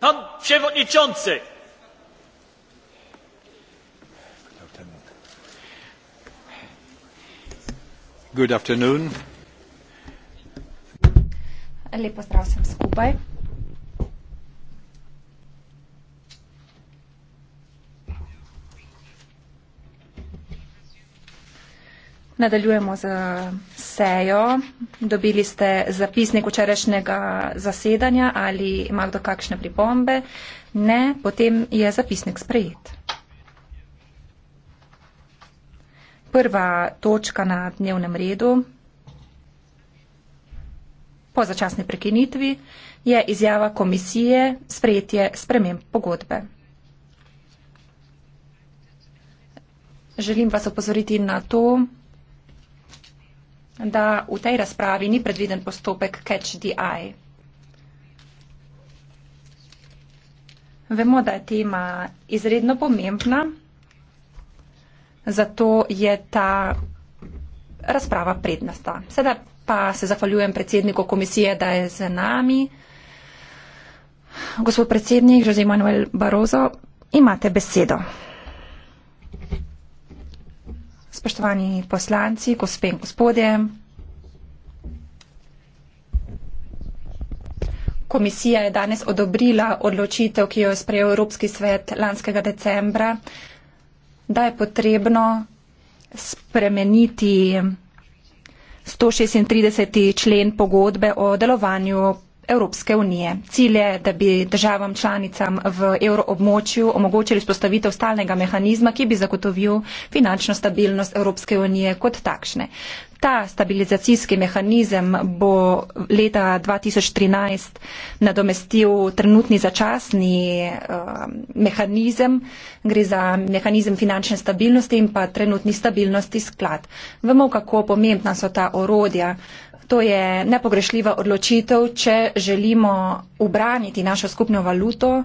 Pan przewodniczący! Good afternoon. Lepo zdrav sem skupaj. Nadaljujemo z eh, sejo. Dobili ste zapisnik včerajšnjega zasedanja ali ima kdo kakšne pripombe? Ne, potem je zapisnik sprejet. Prva točka na dnevnem redu po začasni prekinitvi je izjava komisije sprejetje sprememb pogodbe. Želim vas opozoriti na to, da v tej razpravi ni predviden postopek catch the eye. Vemo, da je tema izredno pomembna, zato je ta razprava prednasta. Sedaj pa se zahvaljujem predsedniku komisije, da je z nami. Gospod predsednik, Jose Manuel Barozo, imate besedo. Spoštovani poslanci, gospe in gospodje. Komisija je danes odobrila odločitev, ki jo je sprejel Evropski svet lanskega decembra, da je potrebno spremeniti 136. člen pogodbe o delovanju Evropske unije. Cilj je, da bi državam članicam v evroobmočju omogočili spostavitev stalnega mehanizma, ki bi zagotovil finančno stabilnost Evropske unije kot takšne. Ta stabilizacijski mehanizem bo leta 2013 nadomestil trenutni začasni um, mehanizem, gre za mehanizem finančne stabilnosti in pa trenutni stabilnosti sklad. Vemo, kako pomembna so ta orodja To je nepogrešljiva odločitev, če želimo ubraniti našo skupno valuto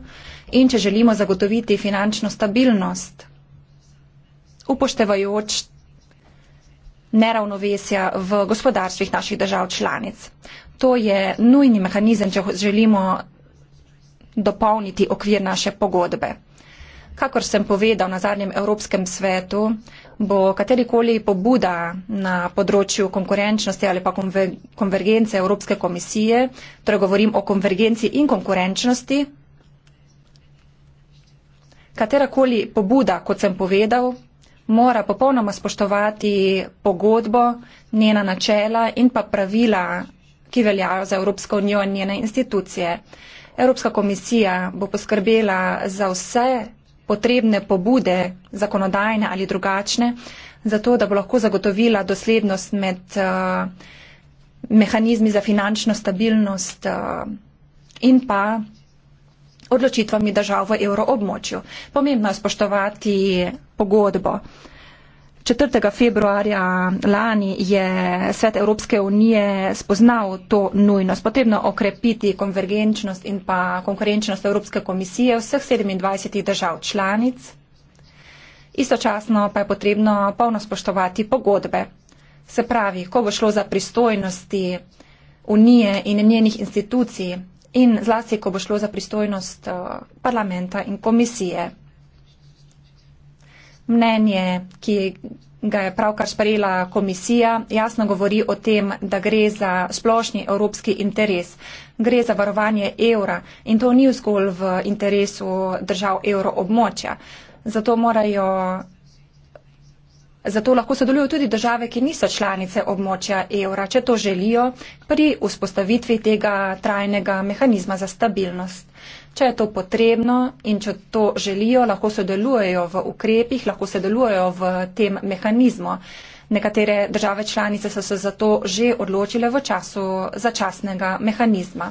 in če želimo zagotoviti finančno stabilnost, upoštevajoč neravnovesja v gospodarstvih naših držav članic. To je nujni mehanizem, če želimo dopolniti okvir naše pogodbe. Kakor sem povedal na zadnjem Evropskem svetu, bo katerikoli pobuda na področju konkurenčnosti ali pa konver konvergence Evropske komisije, torej govorim o konvergenci in konkurenčnosti, katerakoli pobuda, kot sem povedal, mora popolnoma spoštovati pogodbo, njena načela in pa pravila, ki veljajo za Evropsko unijo in njene institucije. Evropska komisija bo poskrbela za vse potrebne pobude, zakonodajne ali drugačne, zato da bo lahko zagotovila doslednost med uh, mehanizmi za finančno stabilnost uh, in pa odločitvami držav v evroobmočju. Pomembno je spoštovati pogodbo. Uh, 4. februarja lani je Svet Evropske unije spoznal to nujnost. Potrebno okrepiti konvergenčnost in pa konkurenčnost Evropske komisije vseh 27 držav članic. Istočasno pa je potrebno polno spoštovati pogodbe. Se pravi, ko bo šlo za pristojnosti unije in njenih institucij in zlasti, ko bo šlo za pristojnost eh, parlamenta in komisije mnenje, ki ga je pravkar sprejela komisija, jasno govori o tem, da gre za splošni evropski interes. Gre za varovanje evra in to ni zgolj v interesu držav evroobmočja. Zato morajo. Zato lahko sodelujo tudi države, ki niso članice območja evra, če to želijo, pri vzpostavitvi tega trajnega mehanizma za stabilnost. Če je to potrebno in če to želijo, lahko sodelujejo v ukrepih, lahko sodelujejo v tem mehanizmu. Nekatere države članice so se zato že odločile v času začasnega mehanizma.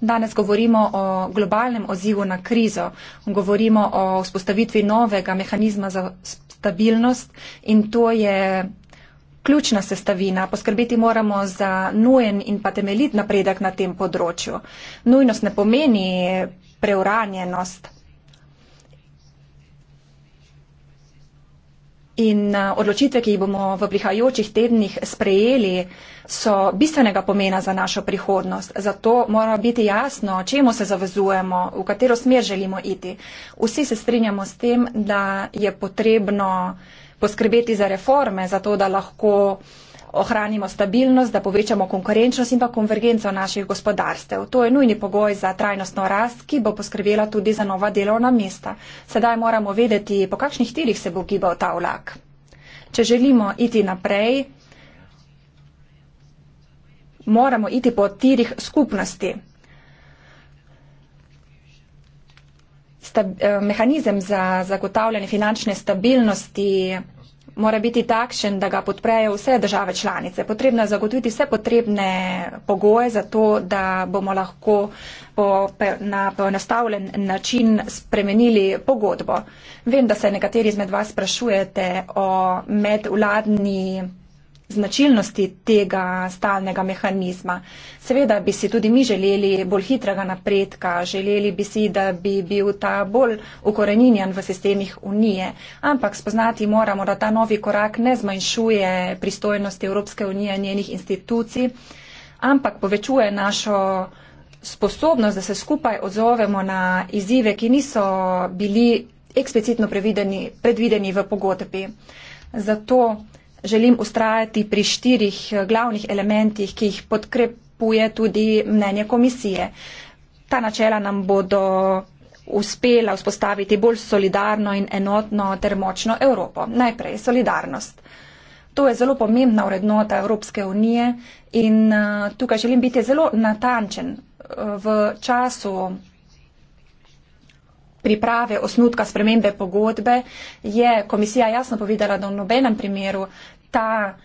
Danes govorimo o globalnem ozivu na krizo, govorimo o vzpostavitvi novega mehanizma za stabilnost in to je ključna sestavina. Poskrbeti moramo za nujen in pa temeljit napredek na tem področju. Nujnost ne pomeni preuranjenost. In eh, odločitve, ki jih bomo v prihajajočih tednih sprejeli, so bistvenega pomena za našo prihodnost. Zato mora biti jasno, čemu se zavezujemo, v katero smer želimo iti. Vsi se strinjamo s tem, da je potrebno poskrbeti za reforme, za to, da lahko ohranimo stabilnost, da povečamo konkurenčnost in pa konvergenco naših gospodarstev. To je nujni pogoj za trajnostno rast, ki bo poskrbela tudi za nova delovna mesta. Sedaj moramo vedeti, po kakšnih tirih se bo gibal ta vlak. Če želimo iti naprej, moramo iti po tirih skupnosti. Eh, mehanizem za zagotavljanje finančne stabilnosti mora biti takšen, da ga podprejo vse države članice. Potrebno je zagotoviti vse potrebne pogoje za to, da bomo lahko po, na poenostavljen način spremenili pogodbo. Vem, da se nekateri izmed vas sprašujete o medvladni značilnosti tega stalnega mehanizma. Seveda bi si tudi mi želeli bolj hitrega napredka, želeli bi si, da bi bil ta bolj ukoreninjen v sistemih Unije, ampak spoznati moramo, da ta novi korak ne zmanjšuje pristojnosti Evropske unije in njenih institucij, ampak povečuje našo sposobnost, da se skupaj odzovemo na izzive, ki niso bili eksplicitno predvideni v pogodbi. Zato želim ustrajati pri štirih eh, glavnih elementih, ki jih podkrepuje tudi mnenje komisije. Ta načela nam bodo uspela vzpostaviti bolj solidarno in enotno ter močno Evropo. Najprej solidarnost. To je zelo pomembna vrednota Evropske unije in eh, tukaj želim biti zelo natančen eh, v času priprave osnutka spremembe pogodbe je komisija jasno povedala, da v nobenem primeru ta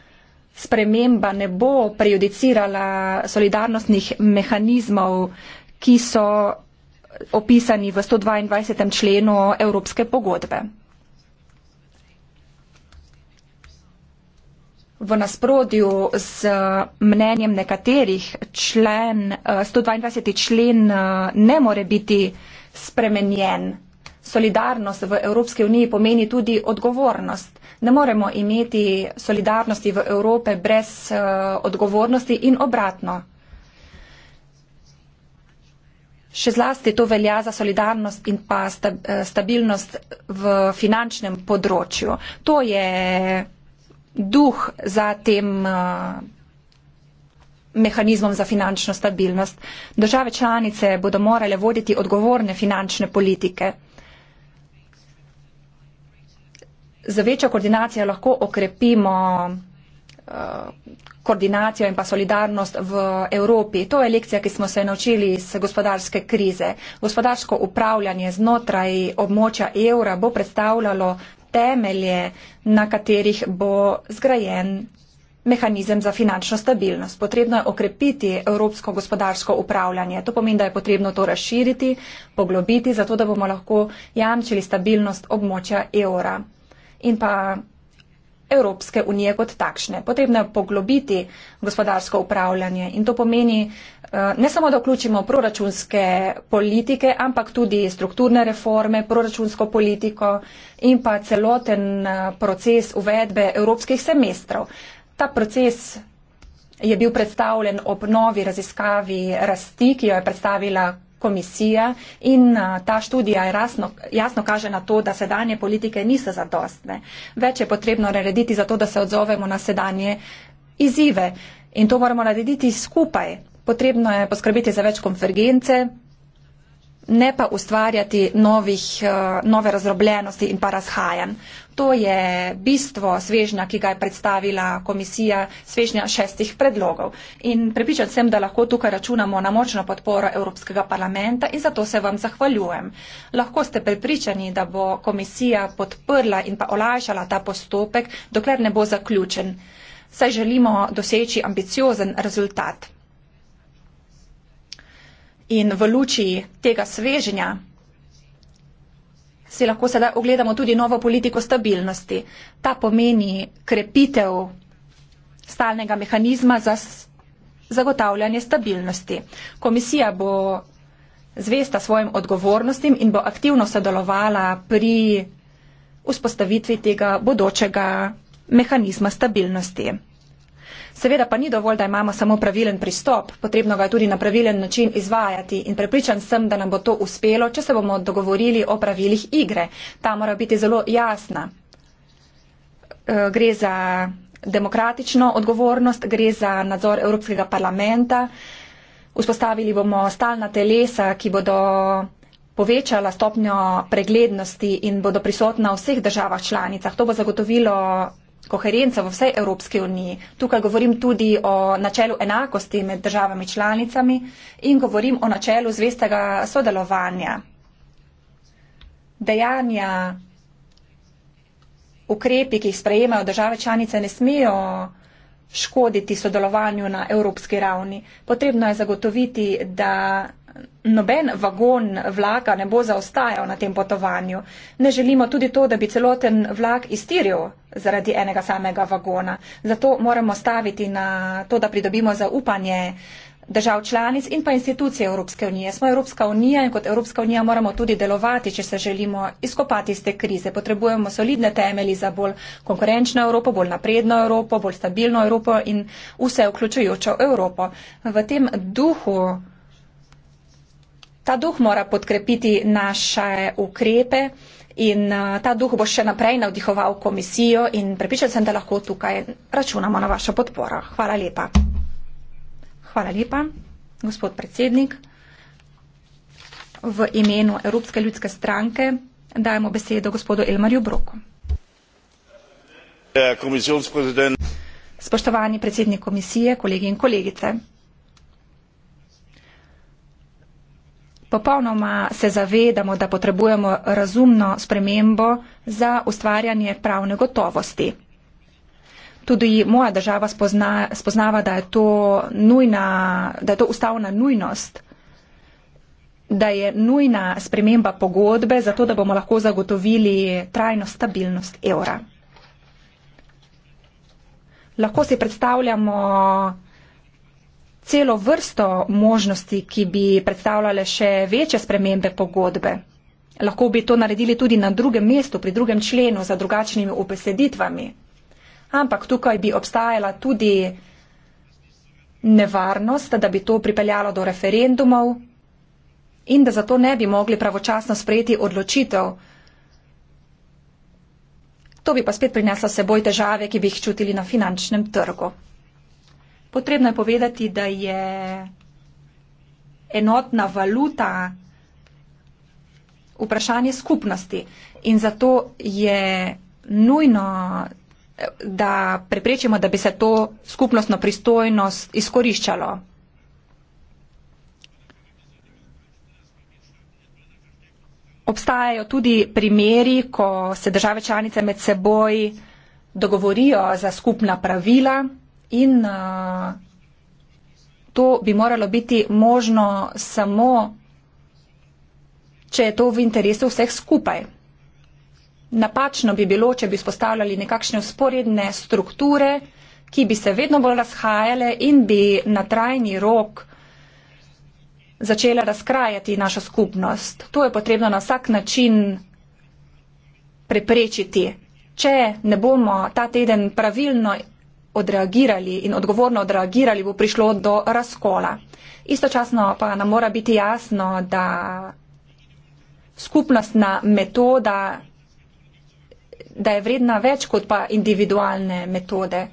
sprememba ne bo prejudicirala solidarnostnih mehanizmov, ki so opisani v 122. členu Evropske pogodbe. V nasprotju z mnenjem nekaterih člen, 122. Eh, člen eh, ne more biti spremenjen. Solidarnost v Evropski uniji pomeni tudi odgovornost. Ne moremo imeti solidarnosti v Evrope brez uh, odgovornosti in obratno. Še zlasti to velja za solidarnost in pa eh, stabilnost v finančnem področju. To je duh za tem eh, mehanizmom za finančno stabilnost. Države članice bodo morale voditi odgovorne finančne politike. Z večjo koordinacijo lahko okrepimo eh, koordinacijo in pa solidarnost v Evropi. To je lekcija, ki smo se naučili iz gospodarske krize. Gospodarsko upravljanje znotraj območja evra bo predstavljalo temelje, na katerih bo zgrajen mehanizem za finančno stabilnost. Potrebno je okrepiti evropsko gospodarsko upravljanje. To pomeni, da je potrebno to razširiti, poglobiti, zato da bomo lahko jamčili stabilnost območja evra in pa Evropske unije kot takšne. Potrebno je poglobiti gospodarsko upravljanje in to pomeni eh, ne samo, da vključimo proračunske politike, ampak tudi strukturne reforme, proračunsko politiko in pa celoten eh, proces uvedbe evropskih semestrov. Ta proces je bil predstavljen ob novi raziskavi rasti, ki jo je predstavila komisija in ta študija jasno, jasno kaže na to, da sedanje politike niso zadostne. Več je potrebno narediti za to, da se odzovemo na sedanje izzive in to moramo narediti skupaj. Potrebno je poskrbeti za več konvergence, ne pa ustvarjati novih, nove razrobljenosti in pa razhajanj. To je bistvo svežnja, ki ga je predstavila komisija svežnja šestih predlogov. In pripričan sem, da lahko tukaj računamo na močno podporo Evropskega parlamenta in zato se vam zahvaljujem. Lahko ste pripričani, da bo komisija podprla in pa olajšala ta postopek, dokler ne bo zaključen. Saj želimo doseči ambiciozen rezultat. In v luči tega svežnja si lahko sedaj ogledamo tudi novo politiko stabilnosti. Ta pomeni krepitev stalnega mehanizma za zagotavljanje stabilnosti. Komisija bo zvesta svojim odgovornostim in bo aktivno sodelovala pri vzpostavitvi tega bodočega mehanizma stabilnosti. Seveda pa ni dovolj, da imamo samo pravilen pristop, potrebno ga je tudi na pravilen način izvajati in prepričan sem, da nam bo to uspelo, če se bomo dogovorili o pravilih igre. Ta mora biti zelo jasna. Eh, gre za demokratično odgovornost, gre za nadzor Evropskega parlamenta. Vzpostavili bomo stalna telesa, ki bodo povečala stopnjo preglednosti in bodo prisotna v vseh državah članicah. To bo zagotovilo koherenca v vsej Evropski uniji. Tukaj govorim tudi o načelu enakosti med državami članicami in govorim o načelu zvestega sodelovanja. Dejanja, ukrepi, ki jih sprejemajo države članice, ne smejo škoditi sodelovanju na evropski ravni. Potrebno je zagotoviti, da noben vagon vlaka ne bo zaostajal na tem potovanju. Ne želimo tudi to, da bi celoten vlak iztiril zaradi enega samega vagona. Zato moramo staviti na to, da pridobimo zaupanje držav članic in pa institucije Evropske unije. Smo Evropska unija in kot Evropska unija moramo tudi delovati, če se želimo izkopati iz te krize. Potrebujemo solidne temelji za bolj konkurenčno Evropo, bolj napredno Evropo, bolj stabilno Evropo in vse vključujočo Evropo. V tem duhu Ta duh mora podkrepiti naše ukrepe in eh, ta duh bo še naprej navdihoval komisijo in prepričan sem, da lahko tukaj računamo na vašo podporo. Hvala lepa. Hvala lepa, gospod predsednik. V imenu Evropske ljudske stranke dajemo besedo gospodu Elmarju Broku. Ja, Spoštovani predsednik komisije, kolegi in kolegice. Popolnoma se zavedamo, da potrebujemo razumno spremembo za ustvarjanje pravne gotovosti. Tudi moja država spozna, spoznava, da je, to nujna, da je to ustavna nujnost, da je nujna sprememba pogodbe, zato da bomo lahko zagotovili trajno stabilnost evra. Lahko si predstavljamo celo vrsto možnosti, ki bi predstavljale še večje spremembe pogodbe. Lahko bi to naredili tudi na drugem mestu, pri drugem členu, za drugačnimi upeseditvami. Ampak tukaj bi obstajala tudi nevarnost, da bi to pripeljalo do referendumov in da zato ne bi mogli pravočasno sprejeti odločitev. To bi pa spet prineslo seboj težave, ki bi jih čutili na finančnem trgu. Potrebno je povedati, da je enotna valuta vprašanje skupnosti in zato je nujno, da preprečimo, da bi se to skupnostno pristojnost izkoriščalo. Obstajajo tudi primeri, ko se države članice med seboj dogovorijo za skupna pravila. In uh, to bi moralo biti možno samo, če je to v interesu vseh skupaj. Napačno bi bilo, če bi spostavljali nekakšne usporedne strukture, ki bi se vedno bolj razhajale in bi na trajni rok začela razkrajati našo skupnost. To je potrebno na vsak način preprečiti. Če ne bomo ta teden pravilno odreagirali in odgovorno odreagirali, bo prišlo do razkola. Istočasno pa nam mora biti jasno, da skupnostna metoda, da je vredna več kot pa individualne metode.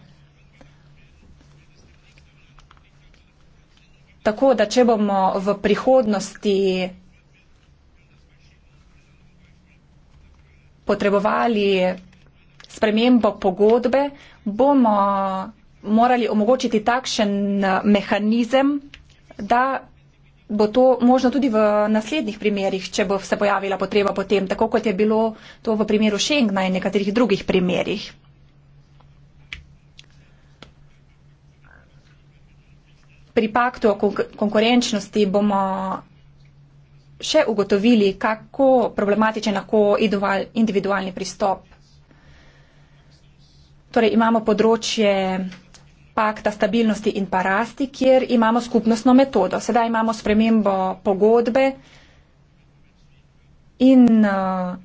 Tako da, če bomo v prihodnosti potrebovali spremembo pogodbe, bomo morali omogočiti takšen eh, mehanizem, da bo to možno tudi v naslednjih primerjih, če bo se pojavila potreba potem, tako kot je bilo to v primeru Schengna in nekaterih drugih primerjih. Pri paktu o konkurenčnosti bomo še ugotovili, kako problematičen lahko individualni pristop Torej imamo področje pakta stabilnosti in parasti, kjer imamo skupnostno metodo. Sedaj imamo spremembo pogodbe in uh,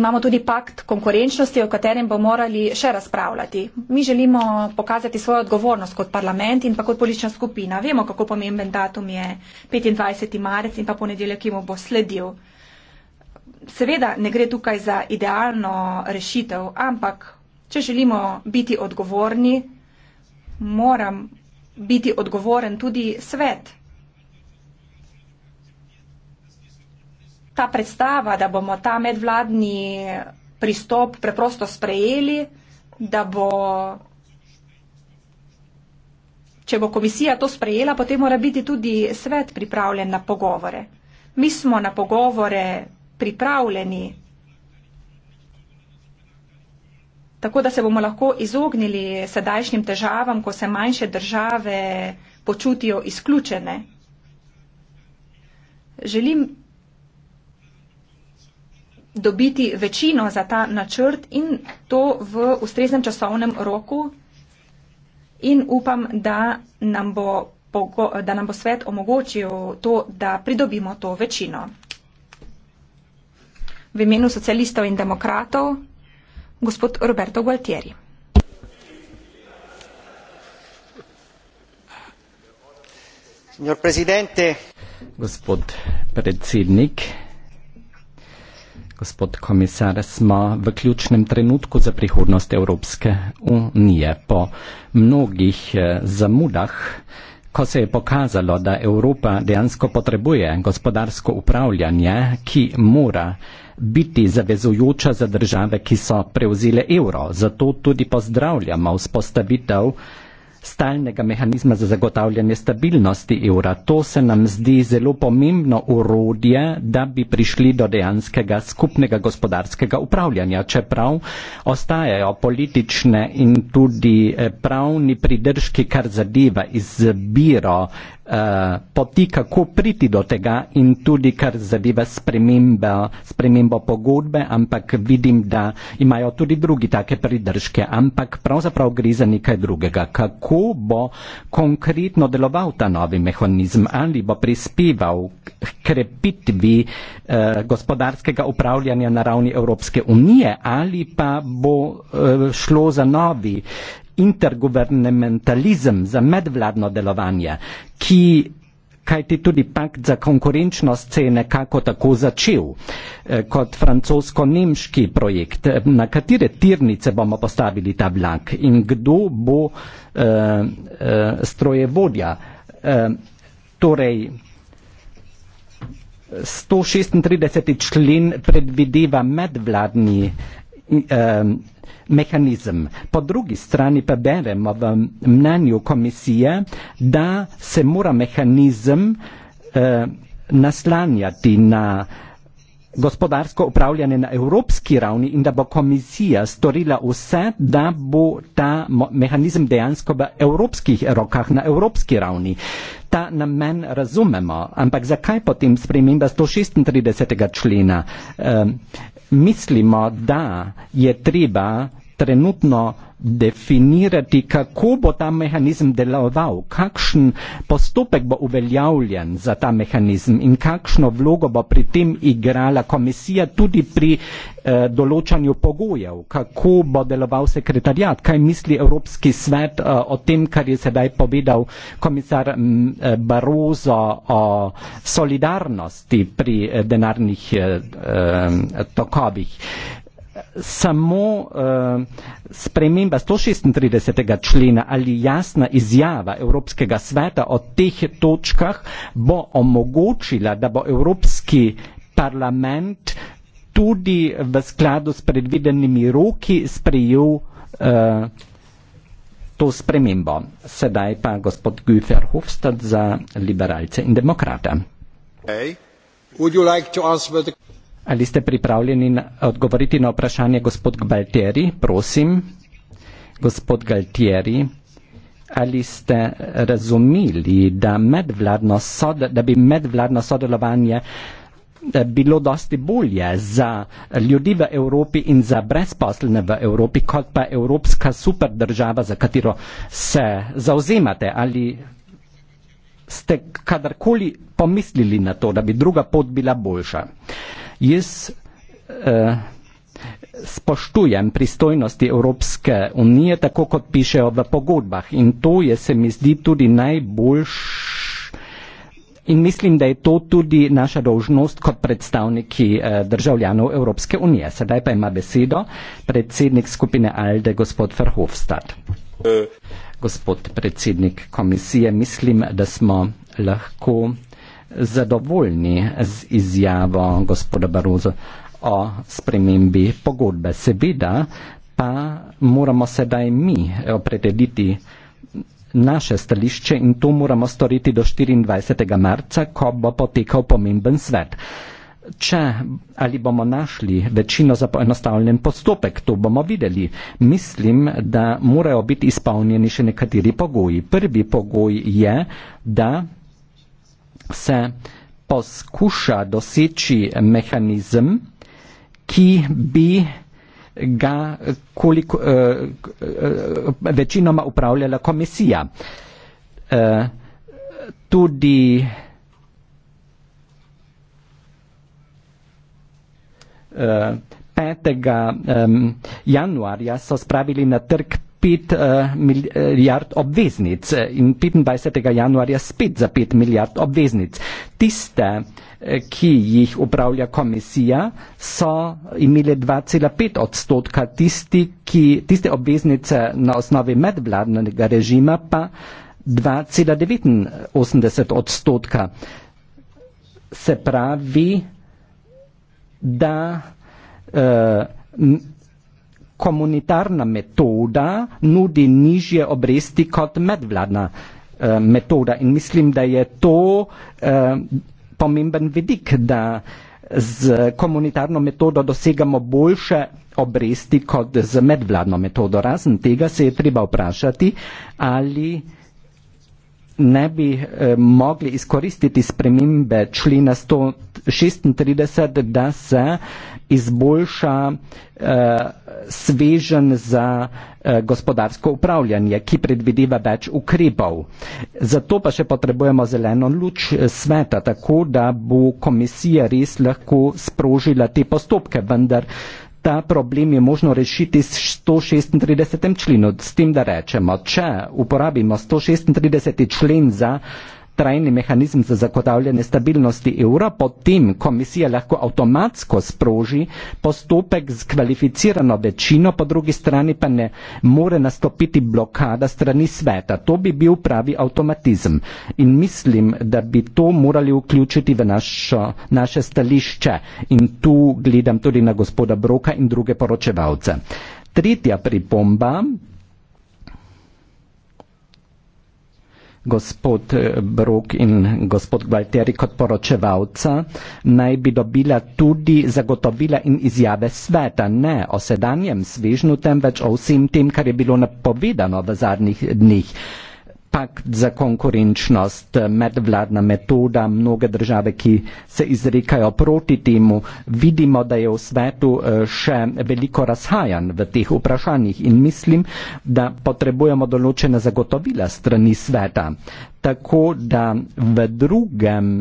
imamo tudi pakt konkurenčnosti, o katerem bomo morali še razpravljati. Mi želimo pokazati svojo odgovornost kot parlament in pa kot politična skupina. Vemo, kako pomemben datum je 25. marec in pa ponedeljek, ki mu bo sledil seveda ne gre tukaj za idealno rešitev, ampak če želimo biti odgovorni, moram biti odgovoren tudi svet. Ta predstava, da bomo ta medvladni pristop preprosto sprejeli, da bo, če bo komisija to sprejela, potem mora biti tudi svet pripravljen na pogovore. Mi smo na pogovore pripravljeni. Tako da se bomo lahko izognili sedajšnjim težavam, ko se manjše države počutijo izključene. Želim dobiti večino za ta načrt in to v ustreznem časovnem roku in upam, da nam bo, da nam bo svet omogočil to, da pridobimo to večino v imenu socialistov in demokratov gospod Roberto Gualtieri. Gospod predsednik, gospod komisar, smo v ključnem trenutku za prihodnost Evropske unije. Po mnogih eh, zamudah, ko se je pokazalo, da Evropa dejansko potrebuje gospodarsko upravljanje, ki mora biti zavezujoča za države, ki so prevzele evro. Zato tudi pozdravljamo vzpostavitev stalnega mehanizma za zagotavljanje stabilnosti evra. To se nam zdi zelo pomembno urodje, da bi prišli do dejanskega skupnega gospodarskega upravljanja, čeprav ostajajo politične in tudi eh, pravni pridržki, kar zadeva izbiro Eh, poti, kako priti do tega in tudi kar zadeva spremembo, spremembo pogodbe, ampak vidim, da imajo tudi drugi take pridržke, ampak pravzaprav gre za nekaj drugega. Kako bo konkretno deloval ta novi mehanizem ali bo prispeval k krepitvi eh, gospodarskega upravljanja na ravni Evropske unije ali pa bo eh, šlo za novi eh, intergovernmentalizem za medvladno delovanje, ki kajti tudi pakt za konkurenčnost se je nekako tako začel eh, kot francosko-nemški projekt, eh, na katere tirnice bomo postavili ta vlak in kdo bo eh, eh strojevodja. Eh, torej, 136. člen predvideva medvladni eh, mehanizem. Po drugi strani pa beremo v mnenju komisije, da se mora mehanizem eh, naslanjati na gospodarsko upravljanje na evropski ravni in da bo komisija storila vse, da bo ta mehanizem dejansko v evropskih rokah na evropski ravni. Ta namen razumemo, ampak zakaj potem sprememba 136. člena? Eh, mislimo, da je treba trenutno definirati, kako bo ta mehanizem deloval, kakšen postopek bo uveljavljen za ta mehanizem in kakšno vlogo bo pri tem igrala komisija tudi pri eh, določanju pogojev, kako bo deloval sekretarjat, kaj misli Evropski svet eh, o tem, kar je sedaj povedal komisar mm, eh, Barozo o solidarnosti pri eh, denarnih eh, eh, tokovih. Eh, samo uh, sprememba 136. člena ali jasna izjava Evropskega sveta o teh točkah bo omogočila, da bo Evropski parlament tudi v skladu s predvidenimi roki sprejel uh, to spremembo. Sedaj pa gospod Güfer Hofstad za liberalce in demokrate. Hey, Ali ste pripravljeni na, odgovoriti na vprašanje gospod Galtieri? Prosim, gospod Galtieri, ali ste razumeli, da, medvladno sod, da bi medvladno sodelovanje eh, bilo dosti bolje za ljudi v Evropi in za brezposelne v Evropi, kot pa evropska superdržava, za katero se zauzemate? Ali ste kadarkoli pomislili na to, da bi druga pot bila boljša? Jaz eh, spoštujem pristojnosti Evropske unije, tako kot pišejo v pogodbah. In to je, se mi zdi, tudi najboljš. In mislim, da je to tudi naša dožnost kot predstavniki eh, državljanov Evropske unije. Sedaj pa ima besedo predsednik skupine ALDE, gospod Verhofstadt. Eh. Gospod predsednik komisije, mislim, da smo lahko zadovoljni z izjavo gospoda Barozo o spremembi pogodbe. Seveda pa moramo sedaj mi opredeliti naše stališče in to moramo storiti do 24. marca, ko bo potekal pomemben svet. Če ali bomo našli večino za poenostavljen postopek, to bomo videli. Mislim, da morajo biti izpolnjeni še nekateri pogoji. Prvi pogoj je, da se poskuša doseči mehanizem, ki bi ga koliko, uh, večinoma upravljala komisija. Uh, tudi uh, 5. Um, januarja so spravili na trg 5 eh, eh, milijard obveznic eh, in 25. januarja spet za 5 milijard obveznic. Tiste, ki jih upravlja komisija, so imeli 2,5 odstotka tisti, ki, tiste obveznice na osnovi medvladnega režima pa 2,89 odstotka. Se pravi, da uh, komunitarna metoda nudi nižje obresti kot medvladna eh, metoda in mislim, da je to eh, pomemben vidik, da z komunitarno metodo dosegamo boljše obresti kot z medvladno metodo. Razen tega se je treba vprašati, ali ne bi eh, mogli izkoristiti spremembe člena 136, da se izboljša eh, svežen za eh, gospodarsko upravljanje, ki predvideva več ukrepov. Zato pa še potrebujemo zeleno luč eh, sveta, tako da bo komisija res lahko sprožila te postopke, vendar eh, ta problem je možno rešiti s 136. členom, s tem, da rečemo, če uporabimo 136. člen za trajni mehanizem za zagotavljanje stabilnosti evra, potem komisija lahko avtomatsko sproži postopek z kvalificirano večino, po drugi strani pa ne more nastopiti blokada strani sveta. To bi bil pravi avtomatizem in mislim, da bi to morali vključiti v našo, naše stališče in tu gledam tudi na gospoda Broka in druge poročevalce. Tretja pripomba gospod eh, Brok in eh, gospod Gualteri kot poročevalca naj bi dobila tudi zagotovila in izjave sveta, ne o sedanjem svežnu, temveč o vsem tem, kar je bilo napovedano v zadnjih dneh pakt za konkurenčnost, medvladna metoda, mnoge države, ki se izrekajo proti temu, vidimo, da je v svetu eh, še veliko razhajanj v teh vprašanjih in mislim, da potrebujemo določena zagotovila strani sveta, tako da v drugem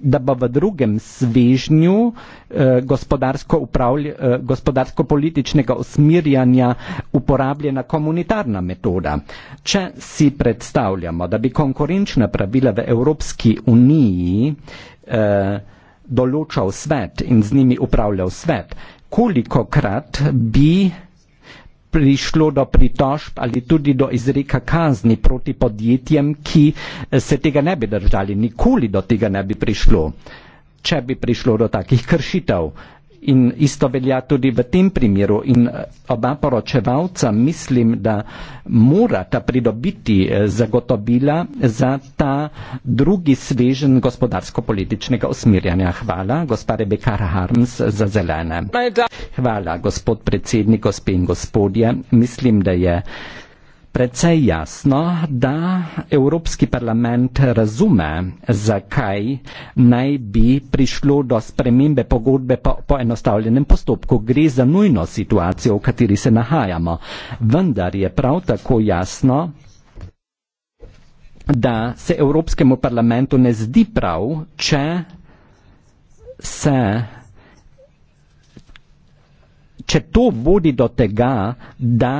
da bo v drugem svežnju eh, eh, gospodarsko-političnega usmirjanja uporabljena komunitarna metoda. Če si predstavljamo, da bi konkurenčna pravila v Evropski uniji eh, določal svet in z njimi upravljal svet, kolikokrat bi prišlo do pritožb ali tudi do izreka kazni proti podjetjem, ki eh, se tega ne bi držali, nikoli do tega ne bi prišlo, če bi prišlo do takih kršitev. In isto velja tudi v tem primeru. In eh, oba poročevalca mislim, da morata pridobiti eh, zagotovila za ta drugi svežen gospodarsko-političnega usmirjanja. Hvala, gospa Rebeka Harms, za zelene. Hvala, gospod predsednik, gospe in gospodje. Mislim, da je precej jasno, da Evropski parlament razume, zakaj naj bi prišlo do spremembe pogodbe po, po enostavljenem postopku. Gre za nujno situacijo, v kateri se nahajamo. Vendar je prav tako jasno, da se Evropskemu parlamentu ne zdi prav, če se če to vodi do tega, da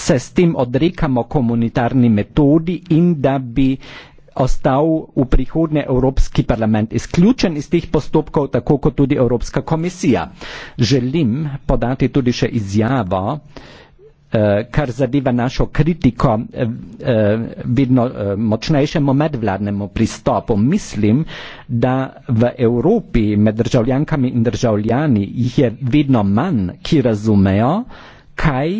se s tem odrekamo komunitarni metodi in da bi ostal v prihodnje Evropski parlament izključen iz teh postopkov, tako kot tudi Evropska komisija. Želim podati tudi še izjavo, Eh, kar zadeva našo kritiko, eh, eh, vidno močnejšemu medvladnemu pristopu. Mislim, da v Evropi med državljankami in državljani jih je vedno manj, ki razumejo, kaj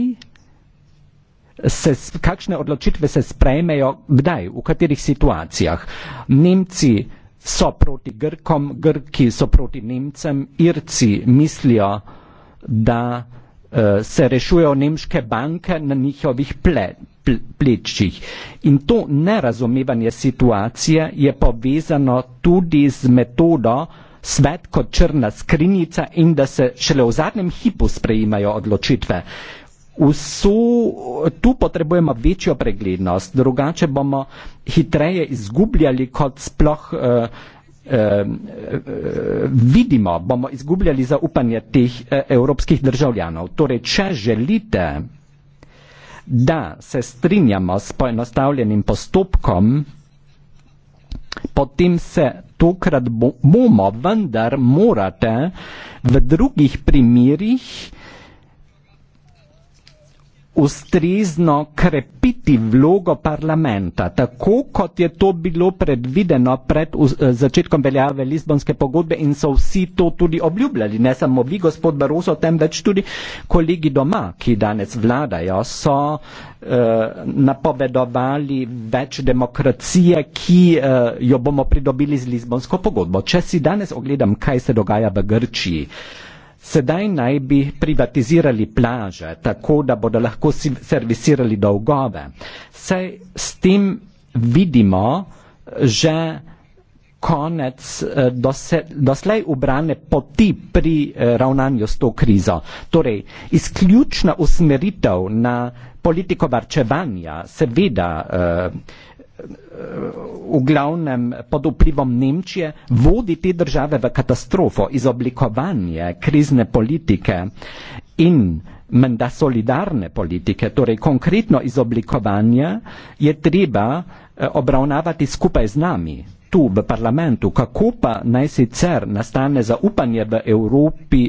se, kakšne odločitve se sprejmejo, kdaj, v katerih situacijah. Nemci so proti Grkom, Grki so proti Nemcem, Irci mislijo, da Eh, se rešujejo nemške banke na njihovih ple, ple, plečih. In to nerazumevanje situacije je povezano tudi z metodo svet kot črna skrinjica in da se šele v zadnjem hipu sprejemajo odločitve. Vso, tu potrebujemo večjo preglednost, drugače bomo hitreje izgubljali kot sploh. Uh, Ehm, eh, vidimo, bomo izgubljali zaupanje teh eh, evropskih državljanov. Torej, če želite, da se strinjamo s poenostavljenim postopkom, potem se tokrat bomo, vendar morate v drugih primerjih ustrezno krepiti vlogo parlamenta, tako kot je to bilo predvideno pred eh, začetkom veljave Lizbonske pogodbe in so vsi to tudi obljubljali, ne samo vi, gospod Baroso, temveč tudi kolegi doma, ki danes vladajo, so eh, napovedovali več demokracije, ki eh, jo bomo pridobili z Lizbonsko pogodbo. Če si danes ogledam, kaj se dogaja v Grčiji, eh, Sedaj naj bi privatizirali plaže, tako da bodo lahko servisirali dolgove. Saj s tem vidimo že konec eh, doslej ubrane poti pri eh, ravnanju s to krizo. Torej, izključna usmeritev na politiko varčevanja, seveda, eh, v glavnem pod vplivom Nemčije, vodi te države v katastrofo, izoblikovanje krizne politike in menda solidarne politike, torej konkretno izoblikovanje, je treba eh, obravnavati skupaj z nami tu v parlamentu, kako pa naj sicer nastane zaupanje v Evropi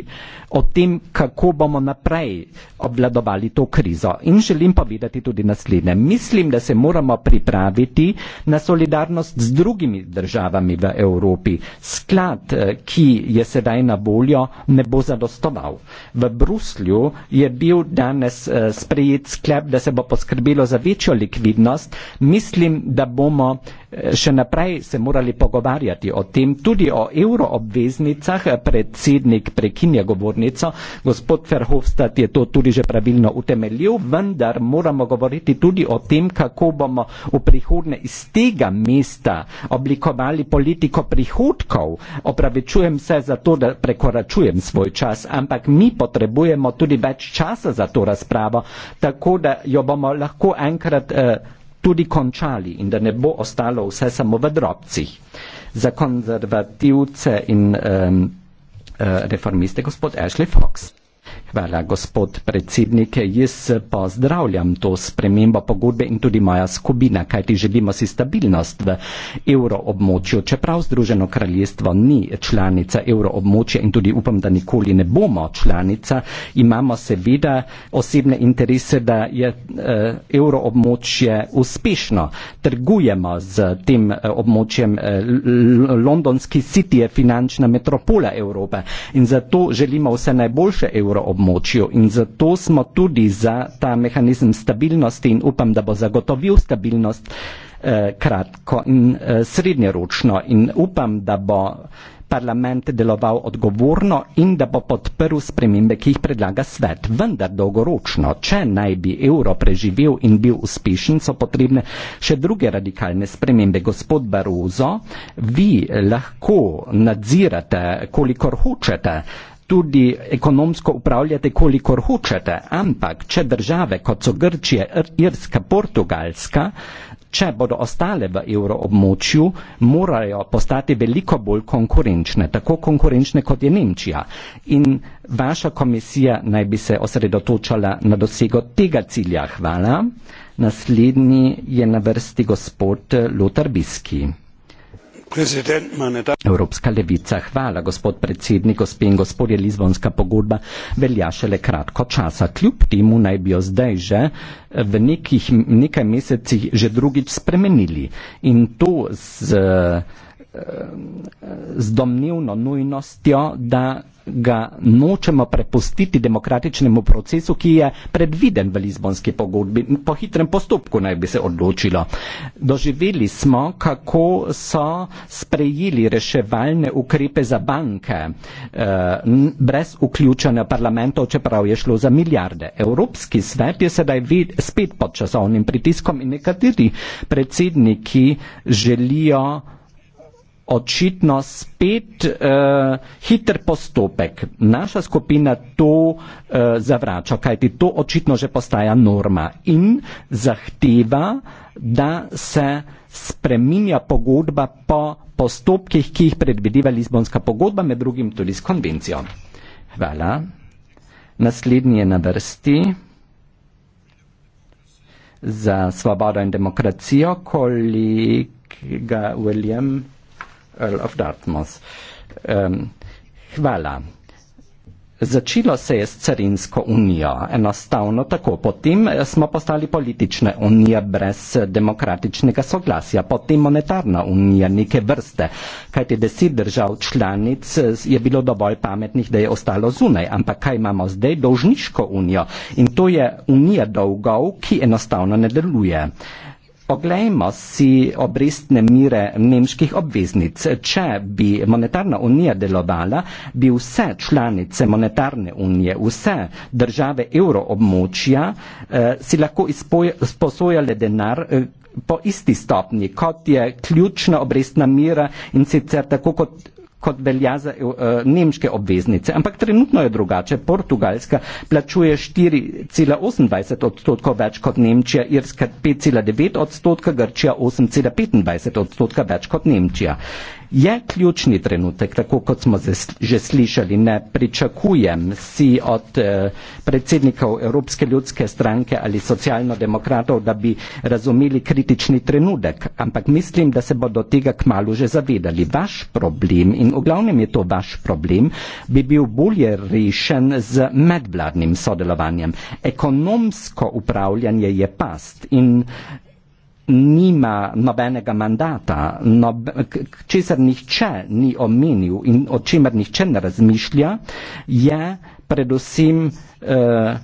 o tem, kako bomo naprej obvladovali to krizo. In želim povedati tudi naslednje. Mislim, da se moramo pripraviti na solidarnost z drugimi državami v Evropi. Sklad, eh, ki je sedaj na voljo, ne bo zadostoval. V Bruslju je bil danes eh, sprejet sklep, da se bo poskrbelo za večjo likvidnost. Mislim, da bomo eh, še naprej se morali pogovarjati o tem, tudi o euroobveznicah. Predsednik prekinja govor zbornico. Gospod Ferhofstad je to tudi že pravilno utemeljil, vendar moramo govoriti tudi o tem, kako bomo v prihodne iz tega mesta oblikovali politiko prihodkov. Opravičujem se za to, da prekoračujem svoj čas, ampak mi potrebujemo tudi več časa za to razpravo, tako da jo bomo lahko enkrat eh, tudi končali in da ne bo ostalo vse samo v drobcih. Za konzervativce in eh, Eh, reformiste gospod Ashley Fox. Hvala, gospod predsednik. Jaz pozdravljam to spremembo pogodbe in tudi moja skupina, kajti želimo si stabilnost v euroobmočju. Čeprav Združeno kraljestvo ni članica euroobmočja in tudi upam, da nikoli ne bomo članica, imamo seveda osebne interese, da je euroobmočje eh, uspešno. Trgujemo z tem eh, območjem. Eh, Londonski city je finančna metropola Evrope in zato želimo vse najboljše euroobmočje območju. In zato smo tudi za ta mehanizem stabilnosti in upam, da bo zagotovil stabilnost eh, kratko in eh, srednjeročno. In upam, da bo parlament deloval odgovorno in da bo podprl spremembe, ki jih predlaga svet. Vendar dolgoročno, če naj bi evro preživel in bil uspešen, so potrebne še druge radikalne spremembe. Gospod Baruzo, vi lahko nadzirate, kolikor hočete, tudi ekonomsko upravljate, kolikor hočete, ampak če države, kot so Grčija, Irska, Portugalska, če bodo ostale v evroobmočju, morajo postati veliko bolj konkurenčne, tako konkurenčne kot je Nemčija. In vaša komisija naj bi se osredotočala na dosego tega cilja. Hvala. Naslednji je na vrsti gospod Lothar Biski. Evropska levica hvala, gospod predsednik, gospe in gospodje, Lizbonska pogodba velja šele kratko časa. Kljub temu naj bi jo zdaj že eh, v nekih, nekaj mesecih že drugič spremenili. In to z uh, Eh, z domnevno nujnostjo, da ga nočemo prepustiti demokratičnemu procesu, ki je predviden v Lizbonski pogodbi. Po hitrem postopku naj bi se odločilo. Doživeli smo, kako so sprejeli reševalne ukrepe za banke eh, brez vključene parlamentov, čeprav je šlo za milijarde. Evropski svet je sedaj ved, spet pod časovnim pritiskom in nekateri predsedniki želijo očitno spet uh, hiter postopek. Naša skupina to uh, zavrača, kajti to očitno že postaja norma in zahteva, da se spreminja pogodba po postopkih, ki jih predvideva Lizbonska pogodba, med drugim tudi s konvencijo. Hvala. Naslednji je na vrsti za svobodo in demokracijo, kolega William. Earl of Dartmouth. Um, hvala. Začelo se je s carinsko unijo, enostavno tako. Potem eh, smo postali politične unije brez eh, demokratičnega soglasja, potem monetarna unija neke vrste, kajti deset držav članic eh, je bilo dovolj pametnih, da je ostalo zunaj. Ampak kaj imamo zdaj? Dolžniško unijo. In to je unija dolgov, ki enostavno ne deluje. Uh, Poglejmo si obrestne mire nemških obveznic. Če bi monetarna unija delovala, bi vse članice monetarne unije, vse države evroobmočja eh, si lahko izposojale denar eh, po isti stopni, kot je ključna obrestna mira in sicer tako kot kot velja za uh, nemške obveznice. Ampak trenutno je drugače. Portugalska plačuje 4,28 odstotka več kot Nemčija, Irska 5,9 odstotka, Grčija 8,25 odstotka več kot Nemčija je ključni trenutek, tako kot smo že slišali. Ne pričakujem si od eh, predsednikov Evropske ljudske stranke ali socialno-demokratov, da bi razumeli kritični trenutek, ampak mislim, da se bodo tega kmalo že zavedali. Vaš problem, in v glavnem je to vaš problem, bi bil bolje rešen z medvladnim sodelovanjem. Ekonomsko upravljanje je past in nima nobenega mandata, nob, česar nihče ni omenil in o čemer nihče ne razmišlja, je predvsem eh,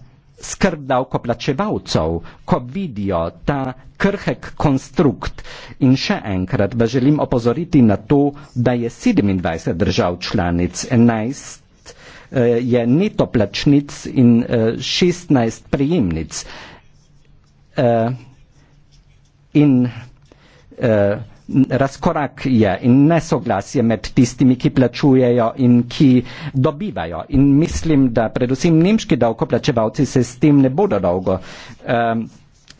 skrb davkoplačevalcev, ko vidijo ta krhek konstrukt. In še enkrat vas želim opozoriti na to, da je 27 držav članic, 11 eh, je netoplačnic in eh, 16 prijemnic. Eh, in eh, razkorak je in nesoglasje med tistimi, ki plačujejo in ki dobivajo. In mislim, da predvsem nemški davkoplačevalci se s tem ne bodo dolgo. Eh,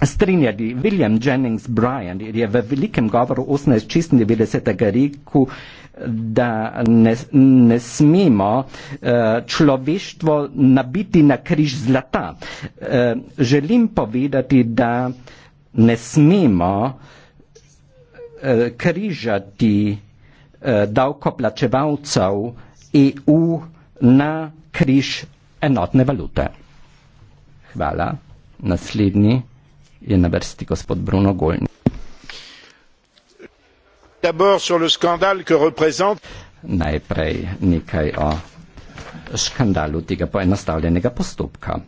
Strinjali, William Jennings Bryan je v velikem govoru 1896. rekel, da ne, ne smemo uh, človeštvo nabiti na križ zlata. Uh, želim povedati, da uh, ne smemo eh, križati eh, davkoplačevalcev EU na križ enotne valute. Hvala. Naslednji je na vrsti gospod Bruno Golni. Najprej nekaj o škandalu tega poenostavljenega postopka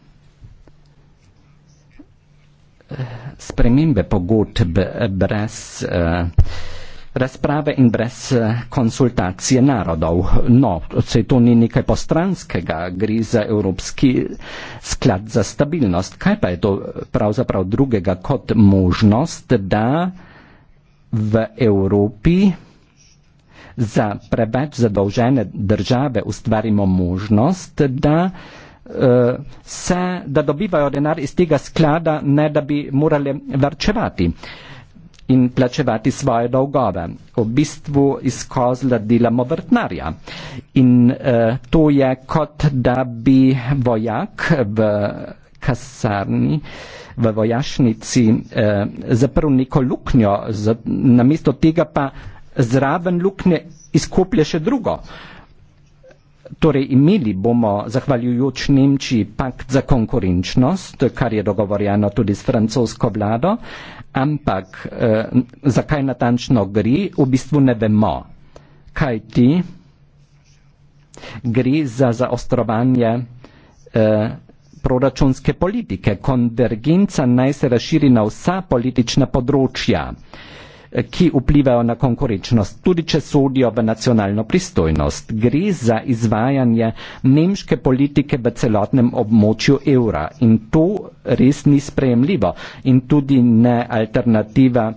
spremembe pogodb brez eh, razprave in brez eh, konsultacije narodov. No, se to ni nekaj postranskega, gre za Evropski sklad za stabilnost. Kaj pa je to pravzaprav drugega kot možnost, da v Evropi za preveč zadolžene države ustvarimo možnost, da se, da dobivajo denar iz tega sklada, ne da bi morali varčevati in plačevati svoje dolgove. V bistvu iz kozla delamo vrtnarja. In uh, to je kot, da bi vojak v kasarni, v vojašnici uh, zaprl neko luknjo, namesto tega pa zraven luknje izkoplje še drugo. Uh, Torej imeli bomo, zahvaljujoč Nemčiji, pakt za konkurenčnost, kar je dogovorjeno tudi s francosko vlado, ampak eh, zakaj natančno gre, v bistvu ne vemo. Kaj ti gre za zaostrovanje eh, proračunske politike? Konvergenca naj se razširi na vsa politična področja. Eh, Eh, ki vplivajo na konkurenčnost, tudi če sodijo v nacionalno pristojnost. Gre za izvajanje nemške politike v celotnem območju evra in to res ni sprejemljivo in tudi ne alternativa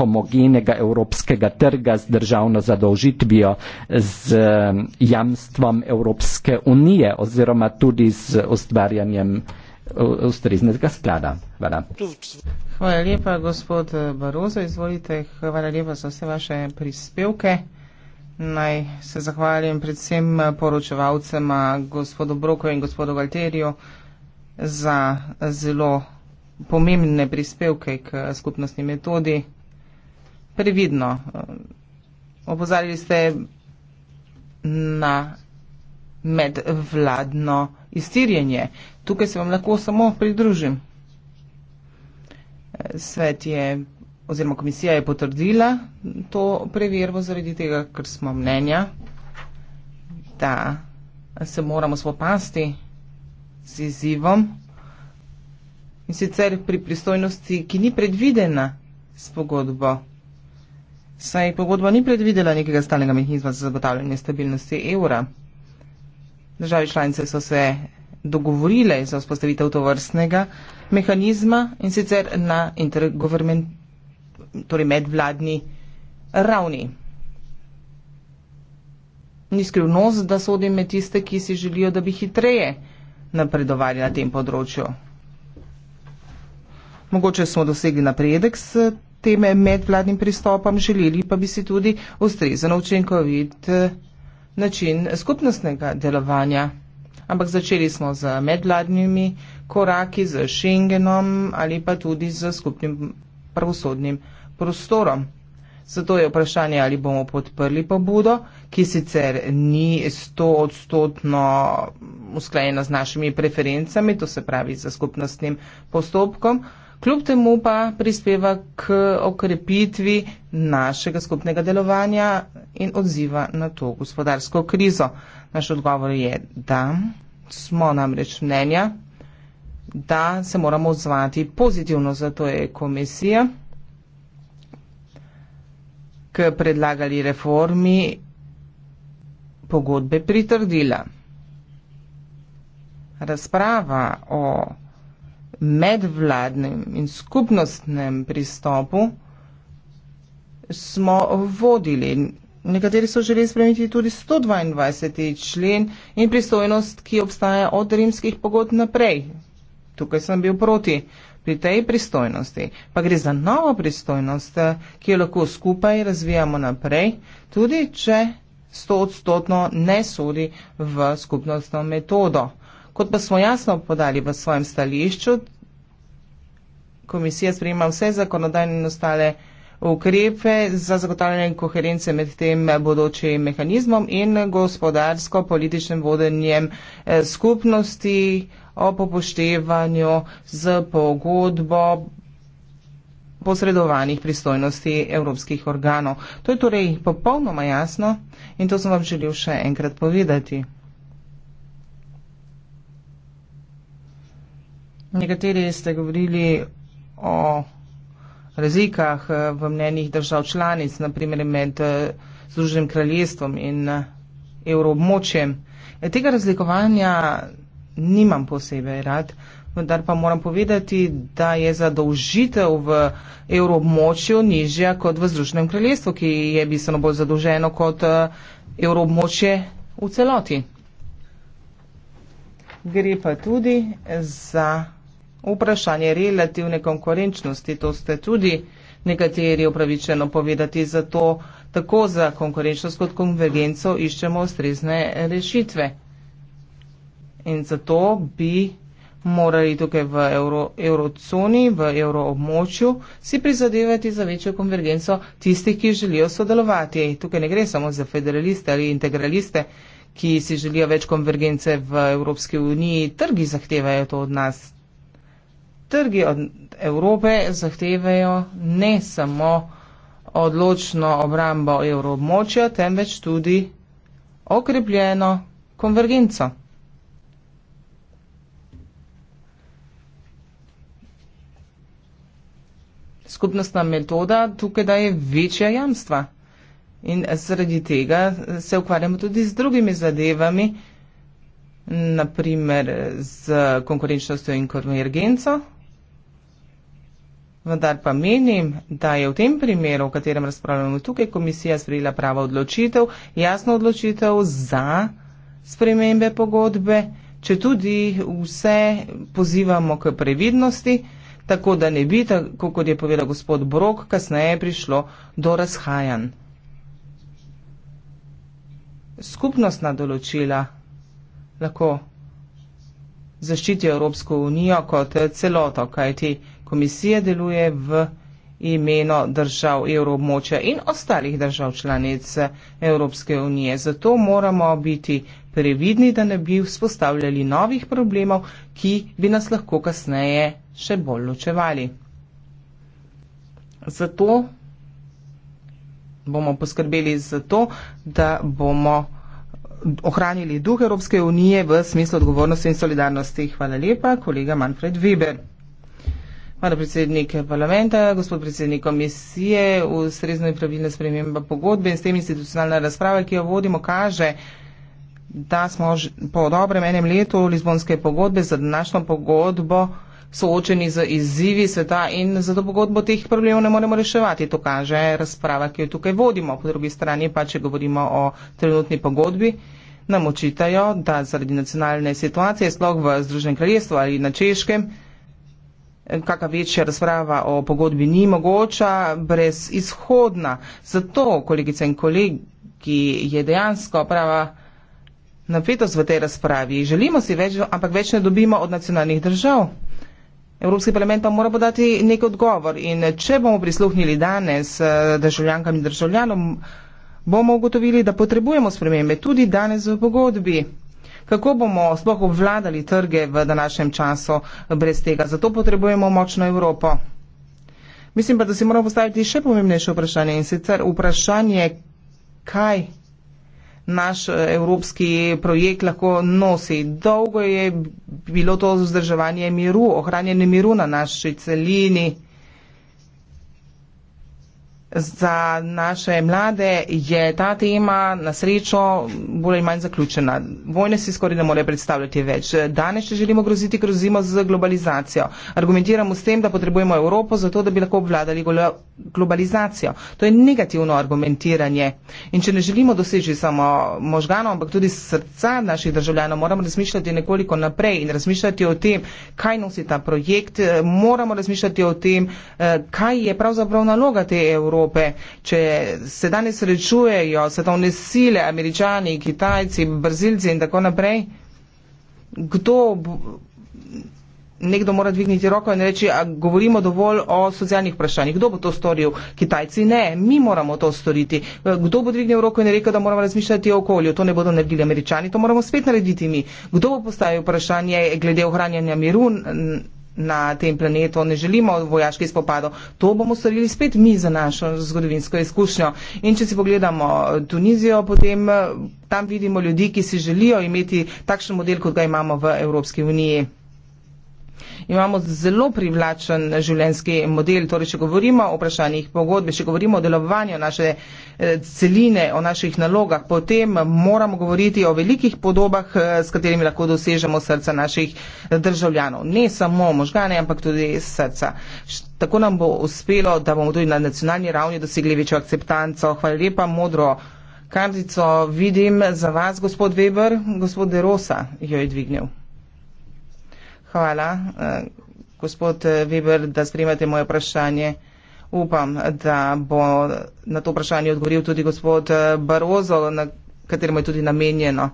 homogenega evropskega trga z državno zadolžitvijo, z eh, jamstvom Evropske unije oziroma tudi z ustvarjanjem ustreznega sklada. Hvala. Hvala lepa, gospod Barozo. Izvolite, hvala lepa za vse vaše prispevke. Naj se zahvalim predvsem poročevalcema, gospodu Broko in gospodu Valterju, za zelo pomembne prispevke k skupnostni metodi. Previdno, opozarjali ste na medvladno iztirjenje. Tukaj se vam lahko samo pridružim. Eh, svet je, oziroma komisija je potrdila to preverbo zaradi tega, ker smo mnenja, da se moramo spopasti z izzivom in sicer pri pristojnosti, ki ni predvidena s pogodbo. Saj pogodba ni predvidela nekega stalnega mehanizma za zagotavljanje stabilnosti evra. Države članice so se dogovorile za vzpostavitev tovrstnega mehanizma in sicer na torej medvladni ravni. Ni skrivnost, da sodim med tiste, ki si želijo, da bi hitreje napredovali na tem področju. Mogoče smo dosegli napredek s teme medvladnim pristopom, želeli pa bi si tudi ustrezen učinkovit eh, način skupnostnega delovanja ampak začeli smo z medvladnimi koraki, z Schengenom ali pa tudi z skupnim pravosodnim prostorom. Zato je vprašanje, ali bomo podprli pobudo, ki sicer ni sto odstotno usklajena z našimi preferencami, to se pravi z skupnostnim postopkom kljub temu pa prispeva k okrepitvi našega skupnega delovanja in odziva na to gospodarsko krizo. Naš odgovor je, da smo namreč mnenja, da se moramo odzvati pozitivno, zato je komisija k predlagali reformi pogodbe pritrdila. Razprava o medvladnem in skupnostnem pristopu smo vodili. Nekateri so želeli spremeniti tudi 122. člen in pristojnost, ki obstaja od rimskih pogod naprej. Tukaj sem bil proti pri tej pristojnosti. Pa gre za novo pristojnost, ki jo lahko skupaj razvijamo naprej, tudi če 100 odstotno ne sodi v skupnostno metodo. Kot pa smo jasno podali v svojem stališču, komisija sprejema vse zakonodajne in ostale ukrepe za zagotavljanje koherence med tem bodočim mehanizmom in gospodarsko-političnim vodenjem eh, skupnosti o popoštevanju z pogodbo posredovanih pristojnosti evropskih organov. To je torej popolnoma jasno in to sem vam želel še enkrat povedati. Nekateri ste govorili o razlikah eh, v mnenjih držav članic, naprimer med eh, Združenim kraljestvom in eh, evroobmočjem. Tega razlikovanja nimam posebej rad, vendar pa moram povedati, da je zadolžitev v evroobmočju nižja kot v Združenem kraljestvu, ki je bistveno bolj zadolženo kot evroobmočje v celoti. Gre pa tudi za vprašanje relativne konkurenčnosti, to ste tudi nekateri upravičeno povedati, zato tako za konkurenčnost kot konvergenco iščemo ustrezne rešitve. In zato bi morali tukaj v euro, eurozoni, v euroobmočju si prizadevati za večjo konvergenco tistih, ki želijo sodelovati. Tukaj ne gre samo za federaliste ali integraliste, ki si želijo več konvergence v Evropski uniji. Trgi zahtevajo to od nas, trgi od Evrope zahtevajo ne samo odločno obrambo evroobmočja, temveč tudi okrepljeno konvergenco. Skupnostna metoda tukaj daje večja jamstva in zaradi tega se ukvarjamo tudi z drugimi zadevami, naprimer z konkurenčnostjo in konvergenco vendar pa menim, da je v tem primeru, o katerem razpravljamo tukaj, komisija sprejela pravo odločitev, jasno odločitev za spremembe pogodbe, če tudi vse pozivamo k previdnosti, tako da ne bi, tako kot je povedal gospod Brok, kasneje prišlo do razhajanj. Skupnostna določila lahko zaščiti Evropsko unijo kot celoto, kajti. Komisija deluje v imeno držav evroobmočja in ostalih držav članic Evropske unije. Zato moramo biti previdni, da ne bi vzpostavljali novih problemov, ki bi nas lahko kasneje še bolj ločevali. Zato bomo poskrbeli za to, da bomo ohranili duh Evropske unije v smislu odgovornosti in solidarnosti. Hvala lepa, kolega Manfred Weber. Hvala predsednik parlamenta, gospod predsednik komisije. Ustrezna in pravilna sprememba pogodbe in s tem institucionalna razprava, ki jo vodimo, kaže, da smo po dobrem enem letu Lizbonske pogodbe za današnjo pogodbo soočeni z izzivi sveta in za to pogodbo teh problemov ne moremo reševati. To kaže razprava, ki jo tukaj vodimo. Po drugi strani pa, če govorimo o trenutni pogodbi, nam očitajo, da zaradi nacionalne situacije, sploh v Združenem kraljestvu ali na Češkem, kakav večja razprava o pogodbi ni mogoča, brez izhodna. Zato, kolegice in kolegi, je dejansko prava napetost v tej razpravi. Želimo si več, ampak več ne dobimo od nacionalnih držav. Evropski parlament pa mora podati nek odgovor in če bomo prisluhnili danes eh, državljankam in državljanom, bomo ugotovili, da potrebujemo spremembe tudi danes v pogodbi kako bomo sploh obvladali trge v današnjem času brez tega. Zato potrebujemo močno Evropo. Mislim pa, da si moramo postaviti še pomembnejše vprašanje in sicer vprašanje, kaj naš eh, evropski projekt lahko nosi. Dolgo je bilo to vzdrževanje miru, ohranjanje miru na naši celini za naše mlade je ta tema na srečo bolj ali manj zaključena. Vojne si skoraj ne more predstavljati več. Danes, če želimo groziti, grozimo z globalizacijo. Argumentiramo s tem, da potrebujemo Evropo zato, da bi lahko obvladali globalizacijo. To je negativno argumentiranje. In če ne želimo doseči samo možganov, ampak tudi srca naših državljanov, moramo razmišljati nekoliko naprej in razmišljati o tem, kaj nosi ta projekt, moramo razmišljati o tem, eh, kaj je pravzaprav naloga te Evrope. Evrope, če se danes srečujejo svetovne sile, američani, kitajci, brazilci in tako naprej, kdo, nekdo mora dvigniti roko in reči, a govorimo dovolj o socialnih vprašanjih, kdo bo to storil, kitajci, ne, mi moramo to storiti, kdo bo dvignil roko in rekel, da moramo razmišljati o okolju, to ne bodo naredili američani, to moramo spet narediti mi, kdo bo postavil vprašanje glede ohranjanja miru, na tem planetu, ne želimo vojaških spopadov. To bomo storili spet mi za našo zgodovinsko izkušnjo. In če si pogledamo Tunizijo, potem eh, tam vidimo ljudi, ki si želijo imeti takšen model, kot ga imamo v Evropski uniji imamo zelo privlačen življenski model. Torej, če govorimo o vprašanjih pogodbe, če govorimo o delovanju naše eh, celine, o naših nalogah, potem moramo govoriti o velikih podobah, eh, s katerimi lahko dosežemo srca naših državljanov. Ne samo možgane, ampak tudi srca. Tako nam bo uspelo, da bomo tudi na nacionalni ravni dosegli večjo akceptanco. Hvala lepa, modro. Kartico vidim za vas, gospod Weber, gospod Derosa jo je dvignil. Hvala, eh, gospod Weber, da spremate moje vprašanje. Upam, da bo na to vprašanje odgovoril tudi gospod eh, Barozo, na katerem je tudi namenjeno.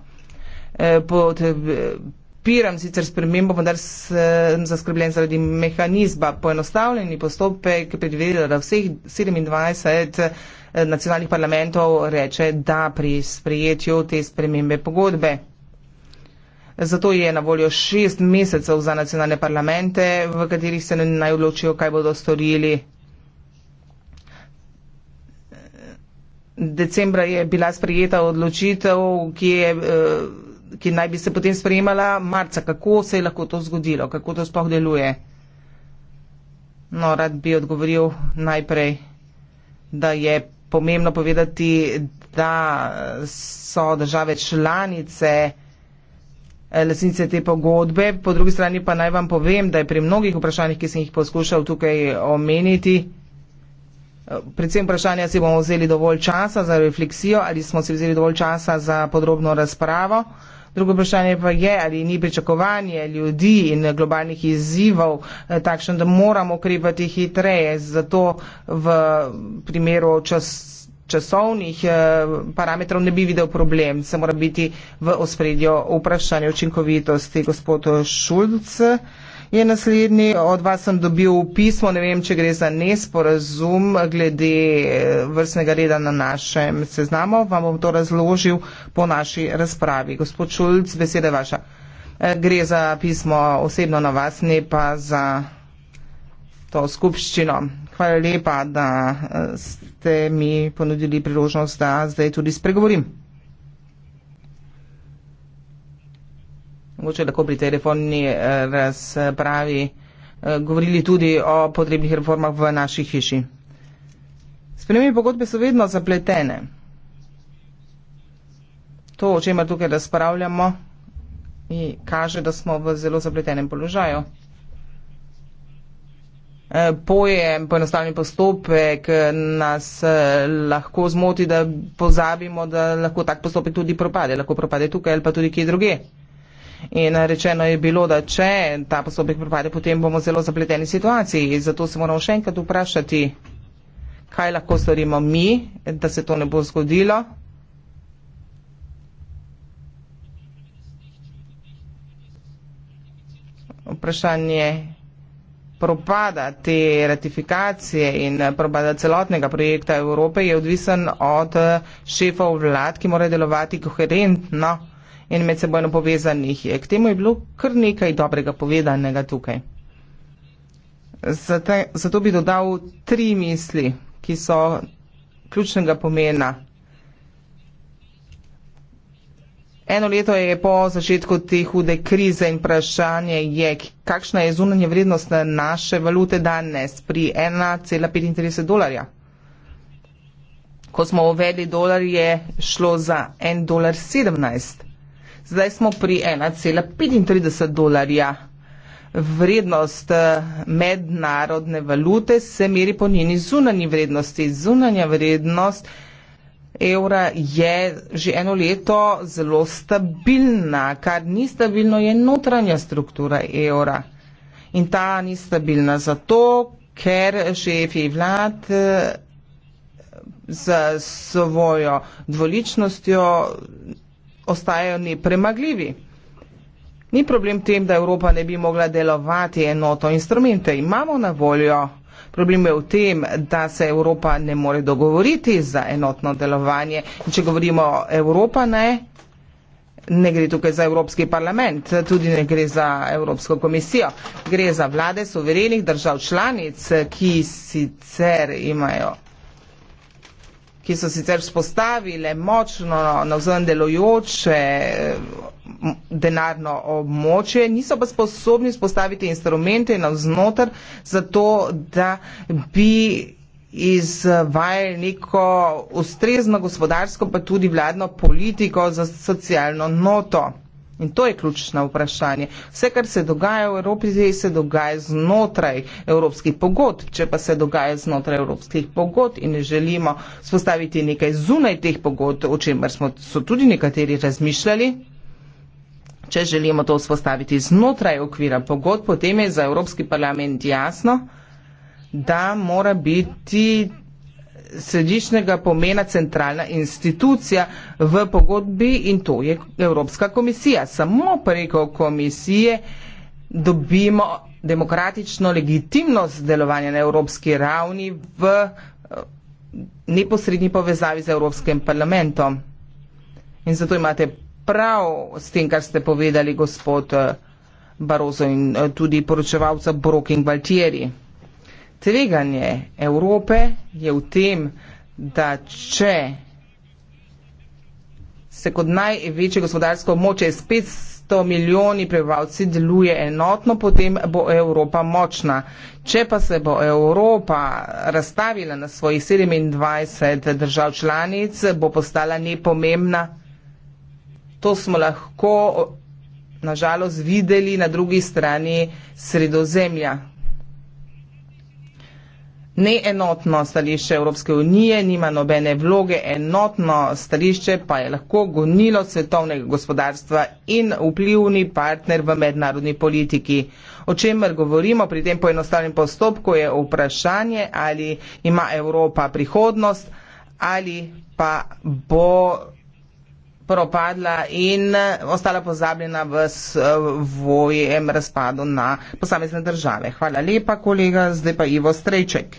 Eh, podpiram sicer spremembo, vendar sem zaskrbljen zaradi mehanizma. Poenostavljeni postopek predvideva, da vseh 27 nacionalnih parlamentov reče, da pri sprejetju te spremembe pogodbe. Zato je na voljo šest mesecev za nacionalne parlamente, v katerih se naj odločijo, kaj bodo storili. Decembra je bila sprejeta odločitev, ki, je, eh, ki naj bi se potem sprejemala marca. Kako se je lahko to zgodilo? Kako to sploh deluje? No, rad bi odgovoril najprej, da je pomembno povedati, da so države članice resnice eh, te pogodbe. Po drugi strani pa naj vam povem, da je pri mnogih vprašanjih, ki sem jih poskušal tukaj omeniti, eh, predvsem vprašanja si bomo vzeli dovolj časa za refleksijo ali smo si vzeli dovolj časa za podrobno razpravo. Drugo vprašanje pa je, ali ni pričakovanje ljudi in globalnih izzivov eh, takšen, da moramo ukrepati hitreje, zato v primeru čas časovnih eh, parametrov ne bi videl problem. Se mora biti v ospredju vprašanje učinkovitosti. Gospod Šulc je naslednji. Od vas sem dobil pismo, ne vem, če gre za nesporazum glede eh, vrstnega reda na našem seznamu. Vam bom to razložil po naši razpravi. Gospod Šulc, beseda je vaša. Eh, gre za pismo osebno na vas, ne pa za to skupščino. Hvala lepa, da eh, ste mi ponudili priložnost, da zdaj tudi spregovorim. Mogoče lahko pri telefonni eh, razpravi eh, govorili tudi o potrebnih reformah v naši hiši. Spremembe pogodbe so vedno zapletene. To, o čemer tukaj razpravljamo, kaže, da smo v zelo zapletenem položaju. Eh, pojem, poenostavljen postopek eh, nas eh, lahko zmoti, da pozabimo, da lahko tak postopek tudi propade, lahko propade tukaj ali pa tudi kje druge. In rečeno je bilo, da če ta postopek propade, potem bomo zelo zapleteni situaciji. Zato se moramo še enkrat vprašati, kaj lahko storimo mi, da se to ne bo zgodilo. Vprašanje propada te ratifikacije in propada celotnega projekta Evrope je odvisen od eh, šefov vlad, ki morajo delovati koherentno in med sebojno povezanih. K temu je bilo kar nekaj dobrega povedanega tukaj. Zato, zato bi dodal tri misli, ki so ključnega pomena Eno leto je po začetku te hude krize in vprašanje je, kakšna je zunanja vrednost na naše valute danes pri 1,35 dolarja. Ko smo uvedli dolar, je šlo za 1,17 dolar. Zdaj smo pri 1,35 dolarja. Vrednost eh, mednarodne valute se meri po njeni zunanji vrednosti. Zunanja vrednost evra je že eno leto zelo stabilna. Kar ni stabilno, je notranja struktura evra. In ta ni stabilna zato, ker šefi vlad z svojo dvoličnostjo ostajajo nepremagljivi. Ni problem tem, da Evropa ne bi mogla delovati enoto instrumente. Imamo na voljo Problem je v tem, da se Evropa ne more dogovoriti za enotno delovanje. In če govorimo Evropa, ne. Ne gre tukaj za Evropski parlament, tudi ne gre za Evropsko komisijo. Gre za vlade suverenih držav članic, ki sicer imajo ki so sicer vzpostavile močno navzven delojoče denarno območje, niso pa sposobni vzpostaviti instrumente navznoter za to, da bi izvajali neko ustrezno gospodarsko pa tudi vladno politiko za socialno noto. In to je ključno vprašanje. Vse, kar se dogaja v Evropi, se dogaja znotraj evropskih pogod. Če pa se dogaja znotraj evropskih pogod in ne želimo spostaviti nekaj zunaj teh pogod, o čemer so tudi nekateri razmišljali, če želimo to spostaviti znotraj okvira pogod, potem je za Evropski parlament jasno, da mora biti središčnega pomena centralna institucija v pogodbi in to je Evropska komisija. Samo preko komisije dobimo demokratično legitimnost delovanja na evropski ravni v eh, neposrednji povezavi z Evropskim parlamentom. In zato imate prav s tem, kar ste povedali, gospod eh, Barozo in eh, tudi poročevalca Broking Valtieri tveganje Evrope je v tem, da če se kot največje gospodarsko moče s 500 milijoni prebivalci deluje enotno, potem bo Evropa močna. Če pa se bo Evropa razstavila na svojih 27 držav članic, bo postala nepomembna. To smo lahko nažalost videli na drugi strani sredozemlja neenotno stališče Evropske unije, nima nobene vloge, enotno stališče pa je lahko gonilo svetovnega gospodarstva in vplivni partner v mednarodni politiki. O čemer govorimo pri tem poenostavljenem postopku je vprašanje, ali ima Evropa prihodnost ali pa bo propadla in eh, ostala pozabljena v svojem eh, razpadu na posamezne države. Hvala lepa, kolega. Zdaj pa Ivo Strejček.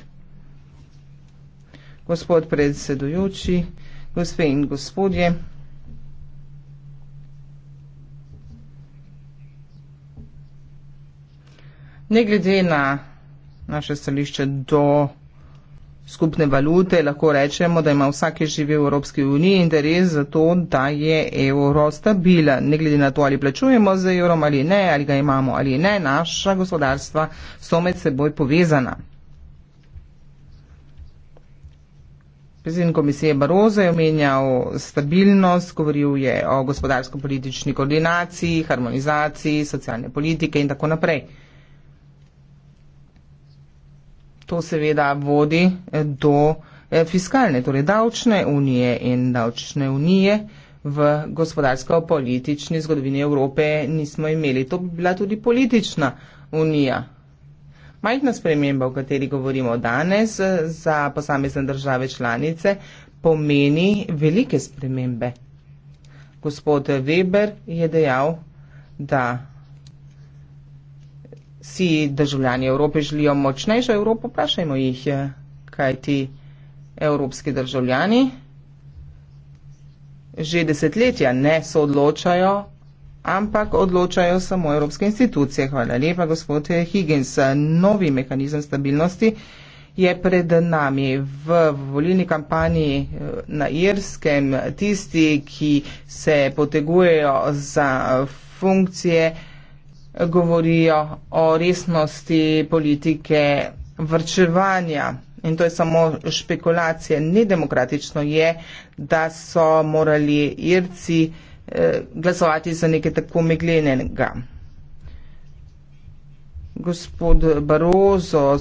Gospod predsedujoči, gospe in gospodje. Ne glede na naše stališče do skupne valute, lahko rečemo, da ima vsak, ki živi v Evropski uniji in da je res zato, da je evro stabilen. Ne glede na to, ali plačujemo z evrom ali ne, ali ga imamo ali ne, naša gospodarstva so med seboj povezana. Predsednik komisije Barozo je omenjal stabilnost, govoril je o gospodarsko-politični koordinaciji, harmonizaciji, socialne politike in tako naprej to seveda vodi eh, do eh, fiskalne, torej davčne unije in davčne unije v gospodarsko-politični zgodovini Evrope nismo imeli. To bi bila tudi politična unija. Majhna sprememba, o kateri govorimo danes eh, za posamezne države članice, pomeni velike spremembe. Gospod Weber je dejal, da si državljani Evrope želijo močnejšo Evropo, vprašajmo jih, eh, kaj ti evropski državljani že desetletja ne so odločajo, ampak odločajo samo evropske institucije. Hvala lepa, gospod Higgins. Novi mehanizem stabilnosti je pred nami v volilni kampanji eh, na Irskem. Tisti, ki se potegujejo za funkcije, govorijo o resnosti politike vrčevanja. In to je samo špekulacija. Nedemokratično je, da so morali Irci eh, glasovati za nekaj tako meglenega. Gospod Barozo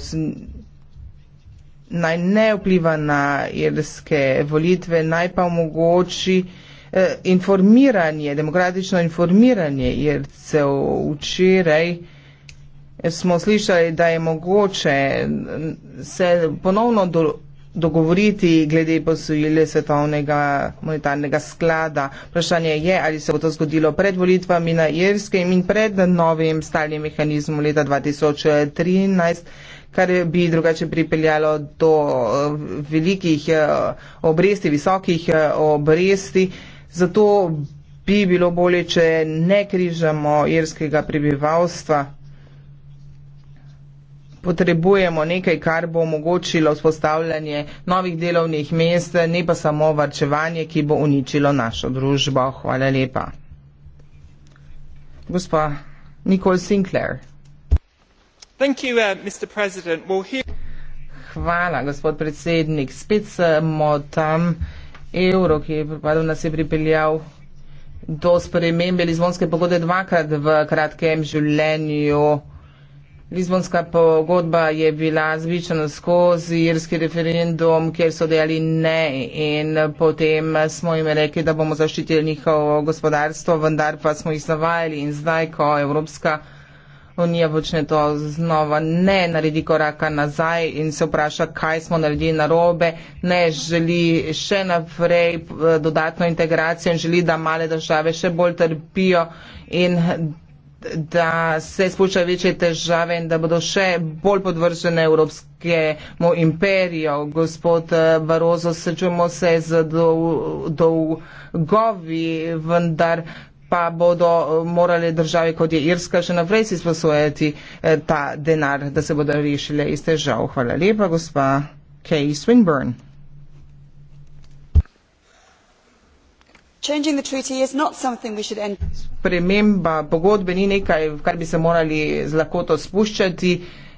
naj ne vpliva na irske volitve, naj pa omogoči, Eh, informiranje, demokratično informiranje Ircev včeraj smo slišali, da je mogoče se ponovno do, dogovoriti glede posojile svetovnega monetarnega sklada. Vprašanje je, ali se bo to zgodilo pred volitvami na Irskem in pred novim stalnim mehanizmom leta 2013, kar bi drugače pripeljalo do eh, velikih eh, obresti, visokih obresti. Zato bi bilo bolje, če ne križamo irskega prebivalstva. Potrebujemo nekaj, kar bo omogočilo vzpostavljanje novih delovnih mest, ne pa samo varčevanje, ki bo uničilo našo družbo. Hvala lepa. Gospa Nicole Sinclair. Thank you, uh, Mr. President. We'll hear... Hvala, gospod predsednik. Spet smo tam evrov, ki je pripadal nas je pripeljal do spremembe Lizbonske pogodbe dvakrat v kratkem življenju. Lizbonska pogodba je bila zvičana skozi irski referendum, kjer so dejali ne in potem smo jim rekli, da bomo zaščitili njihovo gospodarstvo, vendar pa smo jih zavajali in zdaj, ko Evropska unija Unija počne to znova, ne naredi koraka nazaj in se vpraša, kaj smo naredili narobe, ne želi še naprej eh, dodatno integracijo in želi, da male države še bolj trpijo in da se spuščajo večje težave in da bodo še bolj podvržene Evropskemu imperiju. Gospod eh, Barozo, srečujemo se z dolgovi, vendar pa bodo eh, morale države, kot je Irska, še naprej si sposojati eh, ta denar, da se bodo rešile iz težav. Hvala lepa, gospa Kay Swinburne. Sprememba pogodbe ni nekaj, v kar bi se morali z lakoto spuščati.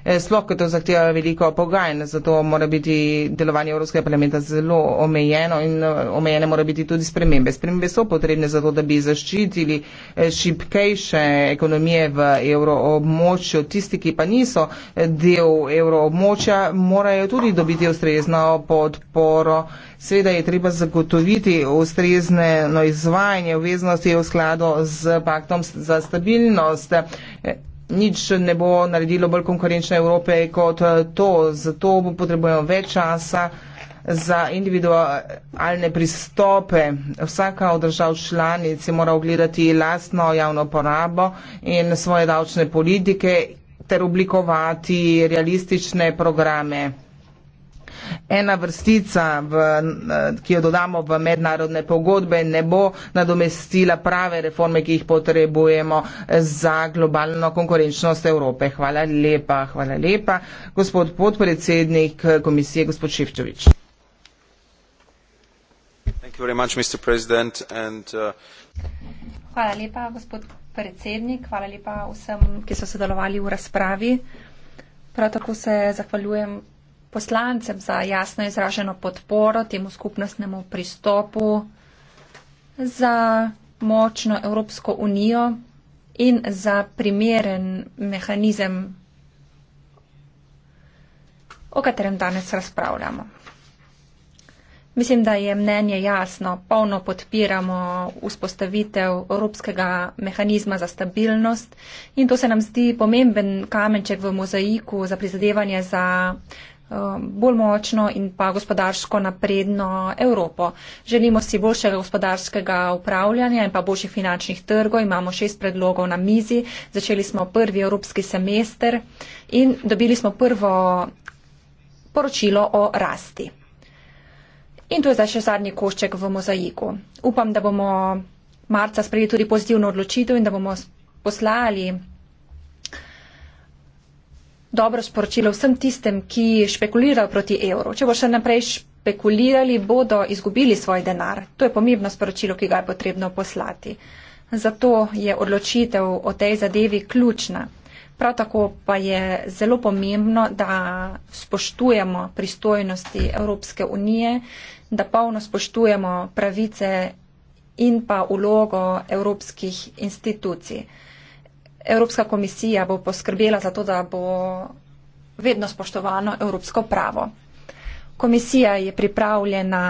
Eh, sploh, ker to zahteva veliko pogajanj, zato mora biti delovanje Evropskega parlamenta zelo omejeno in eh, omejene mora biti tudi spremembe. Spremembe so potrebne zato, da bi zaščitili eh, šipkejše ekonomije v evroobmočju. Tisti, ki pa niso del evroobmočja, morajo tudi dobiti ustrezno podporo. Seveda je treba zagotoviti ustrezno izvajanje obveznosti v skladu z paktom za stabilnost nič ne bo naredilo bolj konkurenčne Evrope kot eh, to. Zato potrebujemo več časa za individualne pristope. Vsaka od držav članic je mora ogledati lastno javno porabo in svoje davčne politike ter oblikovati realistične programe ena vrstica, v, eh, ki jo dodamo v mednarodne pogodbe, ne bo nadomestila prave reforme, ki jih potrebujemo za globalno konkurenčnost Evrope. Hvala lepa, hvala lepa. Gospod podpredsednik eh, komisije, gospod Šefčovič. Uh, hvala lepa, gospod predsednik. Hvala lepa vsem, ki so sodelovali v razpravi. Prav tako se zahvaljujem poslancem za jasno izraženo podporo temu skupnostnemu pristopu za močno Evropsko unijo in za primeren mehanizem, o katerem danes razpravljamo. Mislim, da je mnenje jasno, polno podpiramo vzpostavitev Evropskega mehanizma za stabilnost in to se nam zdi pomemben kamenček v mozaiku za prizadevanje za Eh, bolj močno in pa gospodarsko napredno Evropo. Želimo si boljšega gospodarskega upravljanja in pa boljših finančnih trgov. Imamo šest predlogov na mizi. Začeli smo prvi evropski semester in dobili smo prvo poročilo o rasti. In to je zdaj še zadnji košček v mozaiku. Upam, da bomo marca sprejeli tudi pozitivno odločitev in da bomo poslali dobro sporočilo vsem tistem, ki špekulirajo proti evru. Če bo še naprej špekulirali, bodo izgubili svoj denar. To je pomembno sporočilo, ki ga je potrebno poslati. Zato je odločitev o tej zadevi ključna. Prav tako pa je zelo pomembno, da spoštujemo pristojnosti Evropske unije, da polno spoštujemo pravice in pa ulogo evropskih institucij. Evropska komisija bo poskrbela za to, da bo vedno spoštovano evropsko pravo. Komisija je pripravljena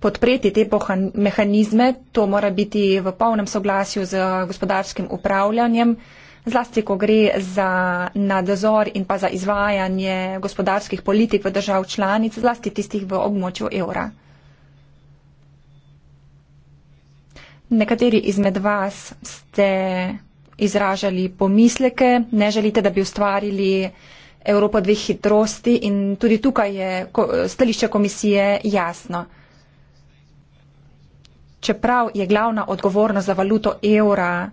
podpreti te mehanizme, to mora biti v polnem soglasju z gospodarskim upravljanjem, zlasti ko gre za nadzor in pa za izvajanje gospodarskih politik v držav članic, zlasti tistih v območju evra. Nekateri izmed vas ste izražali pomisleke, ne želite, da bi ustvarili Evropo dveh hitrosti in tudi tukaj je stališče komisije jasno. Čeprav je glavna odgovornost za valuto evra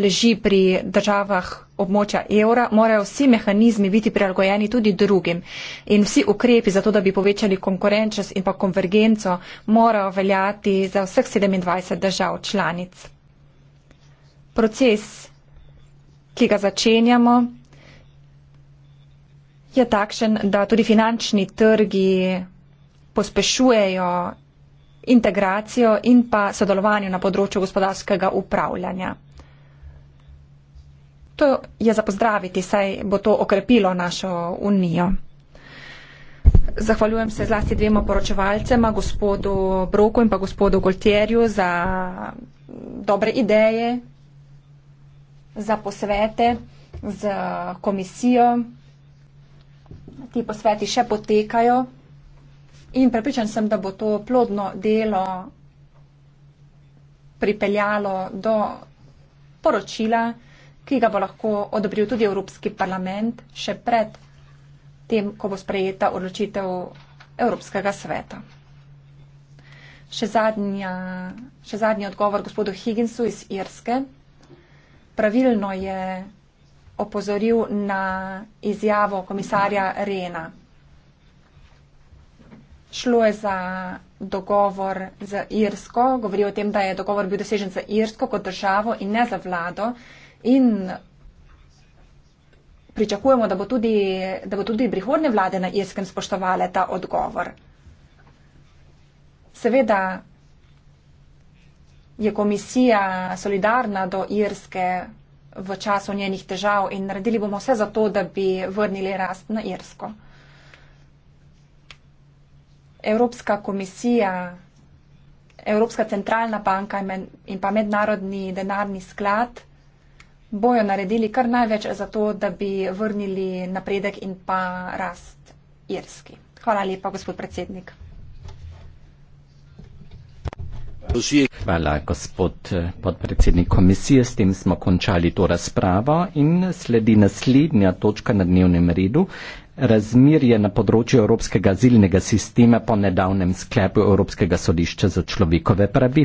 leži pri državah območja evra, morajo vsi mehanizmi biti prilagojeni tudi drugim. In vsi ukrepi za to, da bi povečali konkurenčnost in pa konvergenco, morajo veljati za vseh 27 držav članic. Proces, ki ga začenjamo, je takšen, da tudi finančni trgi pospešujejo integracijo in pa sodelovanje na področju gospodarskega upravljanja. To je za pozdraviti, saj bo to okrepilo našo unijo. Zahvaljujem se zlasti dvema poročevalcema, gospodu Broku in pa gospodu Golterju za dobre ideje, za posvete z komisijo. Ti posveti še potekajo in prepričan sem, da bo to plodno delo pripeljalo do poročila ki ga bo lahko odobril tudi Evropski parlament še pred tem, ko bo sprejeta odločitev Evropskega sveta. Še, zadnja, še zadnji odgovor gospodu Higginsu iz Irske. Pravilno je opozoril na izjavo komisarja Rena. Šlo je za dogovor z Irsko, govori o tem, da je dogovor bil dosežen za Irsko kot državo in ne za vlado in pričakujemo, da bo tudi, da bo tudi prihodne vlade na Irskem spoštovale ta odgovor. Seveda je komisija solidarna do Irske v času njenih težav in naredili bomo vse za to, da bi vrnili rast na Irsko. Evropska komisija, Evropska centralna banka in pa Mednarodni denarni sklad bojo naredili kar največ za to, da bi vrnili napredek in pa rast Irski. Hvala lepa, gospod predsednik. Hvala, gospod podpredsednik komisije. S tem smo končali to razpravo in sledi naslednja točka na dnevnem redu. Razmirje na področju Evropskega azilnega sistema po nedavnem sklepu Evropskega sodišča za človekove pravice.